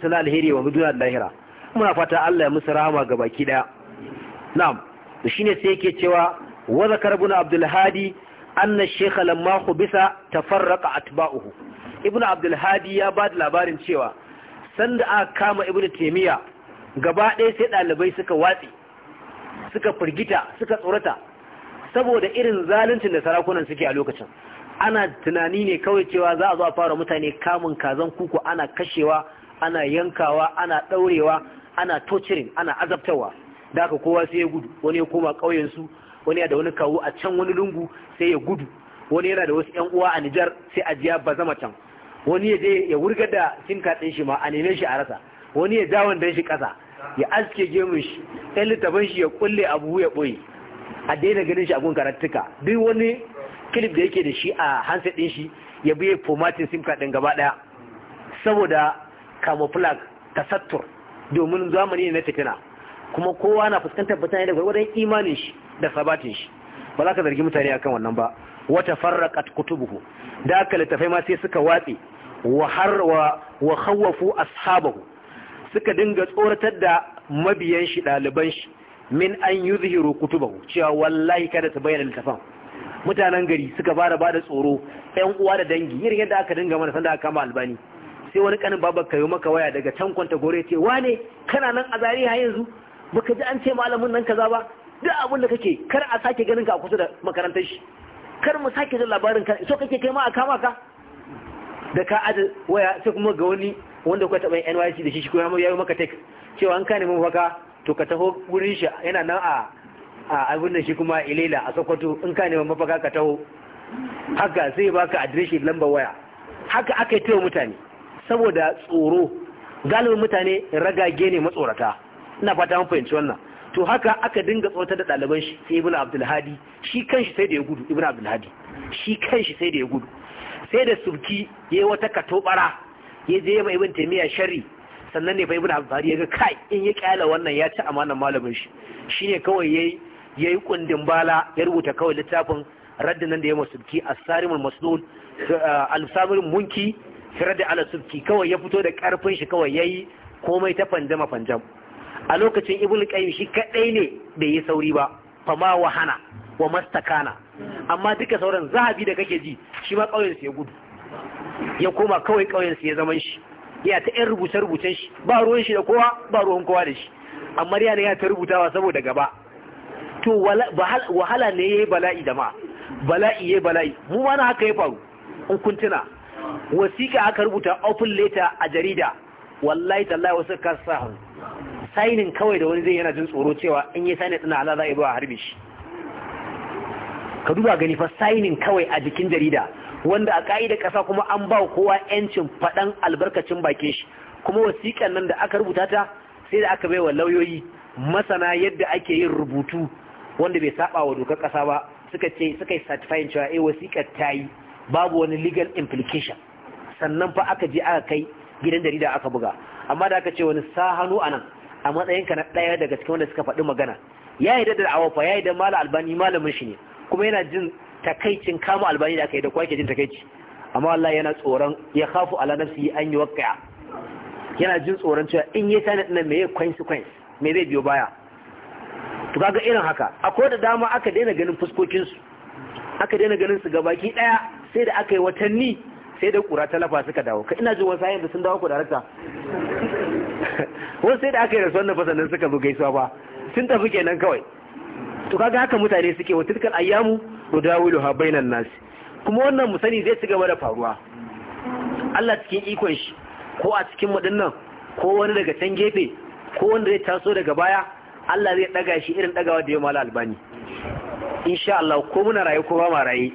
su na alheri wa duniya da lahira muna fata Allah ya musu rahama ga baki ɗaya na'am to shine sai yake cewa wa zakar ibn abdul hadi anna shaykh lamma khubisa tafarraqa atba'uhu ibn abdul hadi ya ba da labarin cewa sanda aka kama ibnu taymiya gaba ɗaya sai ɗalibai suka watsi suka firgita suka tsorata saboda irin zaluncin da sarakunan suke a lokacin ana tunani ne kawai cewa za a zo a fara mutane kamun kazan kuku ana kashewa ana yankawa ana ɗaurewa ana tocirin ana azabtawa da haka kowa sai ya gudu wani ya koma ƙauyensu wani ya da wani kawo a can wani lungu sai ya gudu wani yana da wasu yan uwa a Nijar sai a jiya ba zama can wani ya je ya wurgar da cin katsin shi ma a neme shi a rasa wani ya dawon dan shi kasa ya aske gemun shi ɗan littafin shi ya kulle abu ya ɓoye a daina ganin shi a gunkar tuka duk wani kilif da yake da shi a handset ɗin shi ya biye fomatin sim card din gaba ɗaya saboda ta tasattur domin zamani ne na fitina kuma kowa na fuskantar batun da gwargwadon imanin shi da sabatin shi ba za ka zargi mutane akan wannan ba wata farraqat kutubuhu da aka littafai ma sai suka watse wa harwa wa ashabahu suka dinga tsoratar da mabiyan shi ɗaliban shi min an yuzhiru kutubahu cewa wallahi kada ta bayyana littafin mutanen gari suka fara da tsoro ɗan uwa da dangi irin yadda aka dinga mana sanda aka kama albani sai wani kanin babar kai maka waya daga can ta gore ce wane kana nan a zari ha yanzu baka ji an ce malamin nan kaza ba duk abin da kake kar a sake ganin ka a kusa da makarantar shi kar mu sake jin labarin ka so kake kai ma a kama ka da ka aje waya sai kuma ga wani wanda kuka taɓa NYC da shi shi kuma ya yi maka text cewa an ka nemi mafaka to ka taho gurin shi yana nan a a abin da shi kuma ilela a Sokoto in ka nemi mafaka ka taho haka zai baka adireshin lambar waya haka aka yi taiwa mutane saboda tsoro galibin mutane ragage ne matsorata ina fata mun fahimci wannan to haka aka dinga tsotar da ɗaliban shi sai ibnu abdulhadi shi kanshi sai da ya gudu ibnu abdulhadi shi kanshi sai da ya gudu sai da sulki ya yi wata katobara ya je mai ibn taimiyya shari sannan ne fa ibn abbari ya ga kai in ya kyala wannan ya ci amanan malamin shi shine kawai yayi yayi kundin bala ya rubuta kawai littafin raddin nan da ya masubki as-sarimul maslul al-samir munki firada ala sulki kawai ya fito da karfin shi kawai yayi komai ta fanjama fanjam a lokacin ibn qayyim shi kadai ne bai yi sauri ba fama wahana wa mastakana amma duka sauran zahabi da kake ji shi ma ƙauyensu ya gudu ya koma kawai ƙauyensu ya zaman shi ya ta yan rubuce-rubucen shi ba ruwan shi da kowa ba ruwan kowa da shi amma yana ya ta rubuta rubutawa saboda gaba to wahala ne ya yi bala'i da ma bala'i ya bala'i mu ma na haka ya faru in kun wasiƙa aka rubuta open letter a jarida wallahi tallahi wasu kasa sainin kawai da wani zai yana jin tsoro cewa in yi sainin tsina ala za a yi ba a harbe shi ka duba gani fa signing kawai a jikin jarida wanda a ka'idar kasa kuma an ba kowa yancin faɗan albarkacin bakin shi kuma wasiƙan nan da aka rubuta ta sai da aka baiwa lauyoyi masana yadda ake yin rubutu wanda bai saba wa dokar kasa ba suka ce suka yi certifying cewa eh wasiƙar ta yi babu wani legal implication sannan fa aka je aka kai gidan jarida aka buga amma da aka ce wani sa hannu anan a matsayinka na ɗaya daga cikin wanda suka faɗi magana ya yi da da'awa fa ya yi da mala albani malamin shi ne kuma yana jin takaicin kama albani da aka yi da kwake jin takaici amma Allah yana tsoron ya khafu ala nafsi an yi waqi'a yana jin tsoron cewa in ya sanin nan me kwansu consequence me zai biyo baya to kaga irin haka akwai da dama aka daina ganin fuskokin su aka daina ganin su gabaki daya sai da aka yi watanni sai da kura lafa suka dawo ka ina jin wasu yayin sun dawo ku darakta wani sai da aka yi rasuwan na fasannin suka zo gaisuwa ba sun tafi kenan kawai to kaga haka mutane suke wata tilkal ayyamu ha bainan nasi. kuma wannan mu sani zai ci gaba da faruwa Allah cikin ikon shi ko a cikin madannan ko wani daga can gefe ko wanda zai taso daga baya Allah zai daga shi irin dagawa da ya mala albani insha Allah ko muna raye ko ba ma raye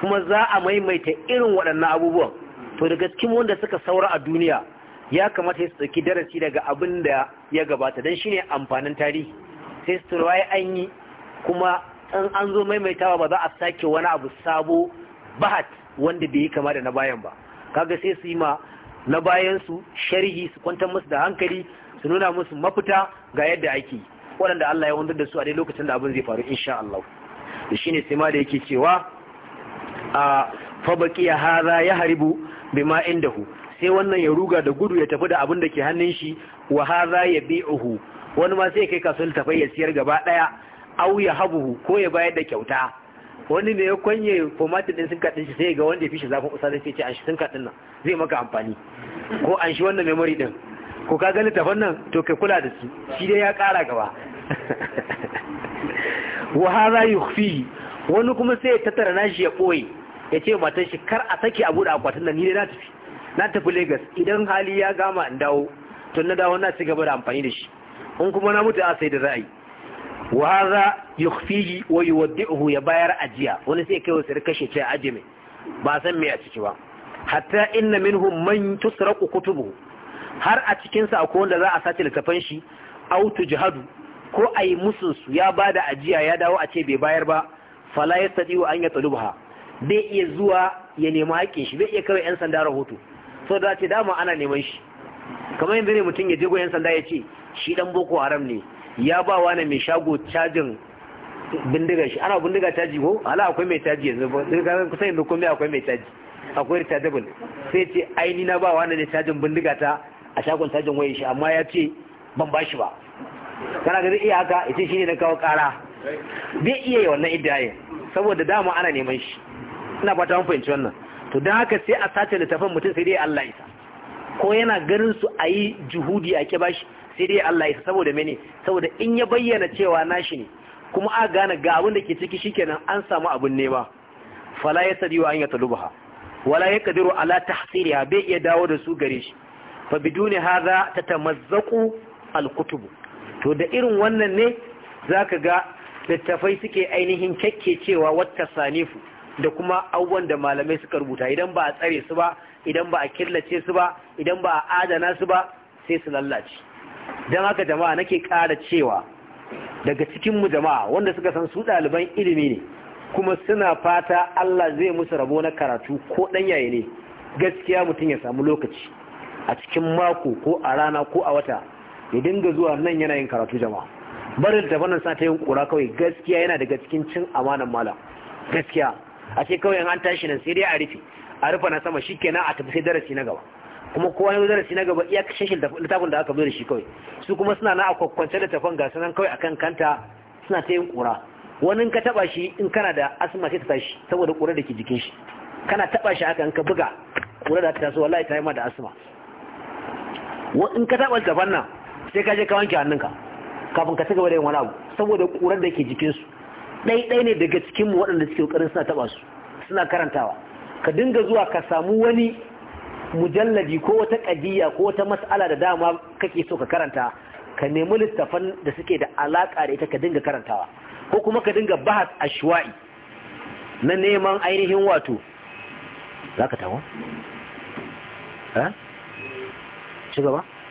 kuma za a maimaita irin waɗannan abubuwan to daga cikin wanda suka saura a duniya ya kamata su ɗauki darasi daga abin da ya gabata don shine amfanin tarihi sai su turwaye an yi kuma in an zo maimaitawa ba za a sake wani abu sabo bahat wanda bai yi kama da na bayan ba kaga sai su yi ma na bayan su sharhi su kwantar musu da hankali su nuna musu mafita ga yadda ake waɗanda Allah ya wanzar da su a dai lokacin da abin zai faru insha Allah da shine sai ma da yake cewa a fa ya hadha ya haribu bima indahu sai wannan ya ruga da gudu ya tafi da abin da ke hannun shi wa hadha yabi'uhu wani ma sai kai kasuwar tafai ya siyar gaba ɗaya. au ya habuhu ko ya bayar da kyauta wani ne ya kwanye formatin din sun kaɗin shi sai ga wanda ya fi shi zafin usa sai ce an shi sun kaɗin nan zai maka amfani ko an shi wannan memory din ko ka gani tafan nan to kai kula da su shi dai ya ƙara gaba wa hada yukhfi wani kuma sai ya tattara nashi ya ɓoye ya ce matan shi kar a sake abu da akwatin nan ni dai na tafi na tafi Lagos idan hali ya gama in dawo tun na dawo na ci gaba da amfani da shi in kuma na mutu a sai da ra'ayi wa hadha yukhfihi wa yuwaddi'uhu ya bayar ajiya wani sai kai wasu kashe ce ajime ba san me a ciki ba hatta inna minhum man tusraqu kutubuhu har a cikin sa akwai wanda za a sace littafan shi aw jihadu, ko ai musun su ya da ajiya ya dawo a ce bai bayar ba fala yastati wa an yatlubha bai iya zuwa ya nemi haƙin shi bai iya kawai yan sanda rahoto so da ce dama ana neman shi kamar yanzu ne mutum ya je yan sanda ya ce shi dan boko haram ne ya ba wani mai shago cajin bindiga shi ana bindiga caji ko ala akwai mai caji yanzu ba kusa yanzu kuma akwai mai caji akwai rechargeable sai ce aini na ba wani ne cajin bindiga ta a shagon cajin waye shi amma ya ce ban ba shi ba kana ga zai iya haka ita shi ne na kawo kara bai iya yi wannan idaye saboda dama ana neman shi ina fata mun fahimci wannan to don haka sai a sace littafin mutum sai dai Allah isa ko yana ganin su a yi juhudi a ke shi. sai dai Allah ya saboda mene saboda in ya bayyana cewa nashi ne kuma a gane ga abin da ke ciki shikenan an samu abin ba fala ya sadi wa an ya talubaha wala ya kadiru ala tahsiriha bai iya dawo da su gare shi fa biduni hadha tatamazzaku alkutubu to da irin wannan ne zaka ga littafai suke ainihin cewa wata sanifu da kuma abubuwan da malamai suka rubuta idan ba a tsare su ba idan ba a killace su ba idan ba a adana su ba sai su lallace don haka jama'a nake ƙara cewa daga cikinmu jama'a wanda suka san su ɗaliban ilimi ne kuma suna fata Allah zai musu rabo na karatu ko ɗan yayi ne gaskiya mutum ya samu lokaci a cikin mako ko a rana ko a wata ya dinga zuwa nan yana yin karatu jama'a barin da wannan sa ta yin kura kawai gaskiya yana daga cikin cin amanan malam gaskiya a ce kawai an tashi nan sai dai a rufe a rufe na sama shikenan a tafi sai darasi na gaba kuma kowa ya shi na gaba iya kashe shi littafin da aka zo da shi kawai su kuma suna na akwakwance da tafan ga sanan kawai akan kanta suna ta yin kura wani ka taba shi in kana da asma sai ta tashi saboda kura da ke jikin shi kana taba shi haka in ka buga kura da ta taso wallahi ta yi da asma in ka taba gaban nan sai ka je ka wanke hannunka kafin ka cigaba da yin wani abu saboda kura da ke jikin su ɗaiɗai ne daga cikin mu waɗanda suke ƙoƙarin suna taba su suna karantawa ka dinga zuwa ka samu wani mujalladi ko wata ƙadiyya ko wata mas'ala da dama kake so ka karanta ka nemi littafan da suke da alaƙa da ita ka dinga karantawa ko kuma ka dinga bahas ashwa'i na neman ainihin wato za ka tawo? ha? ci gaba?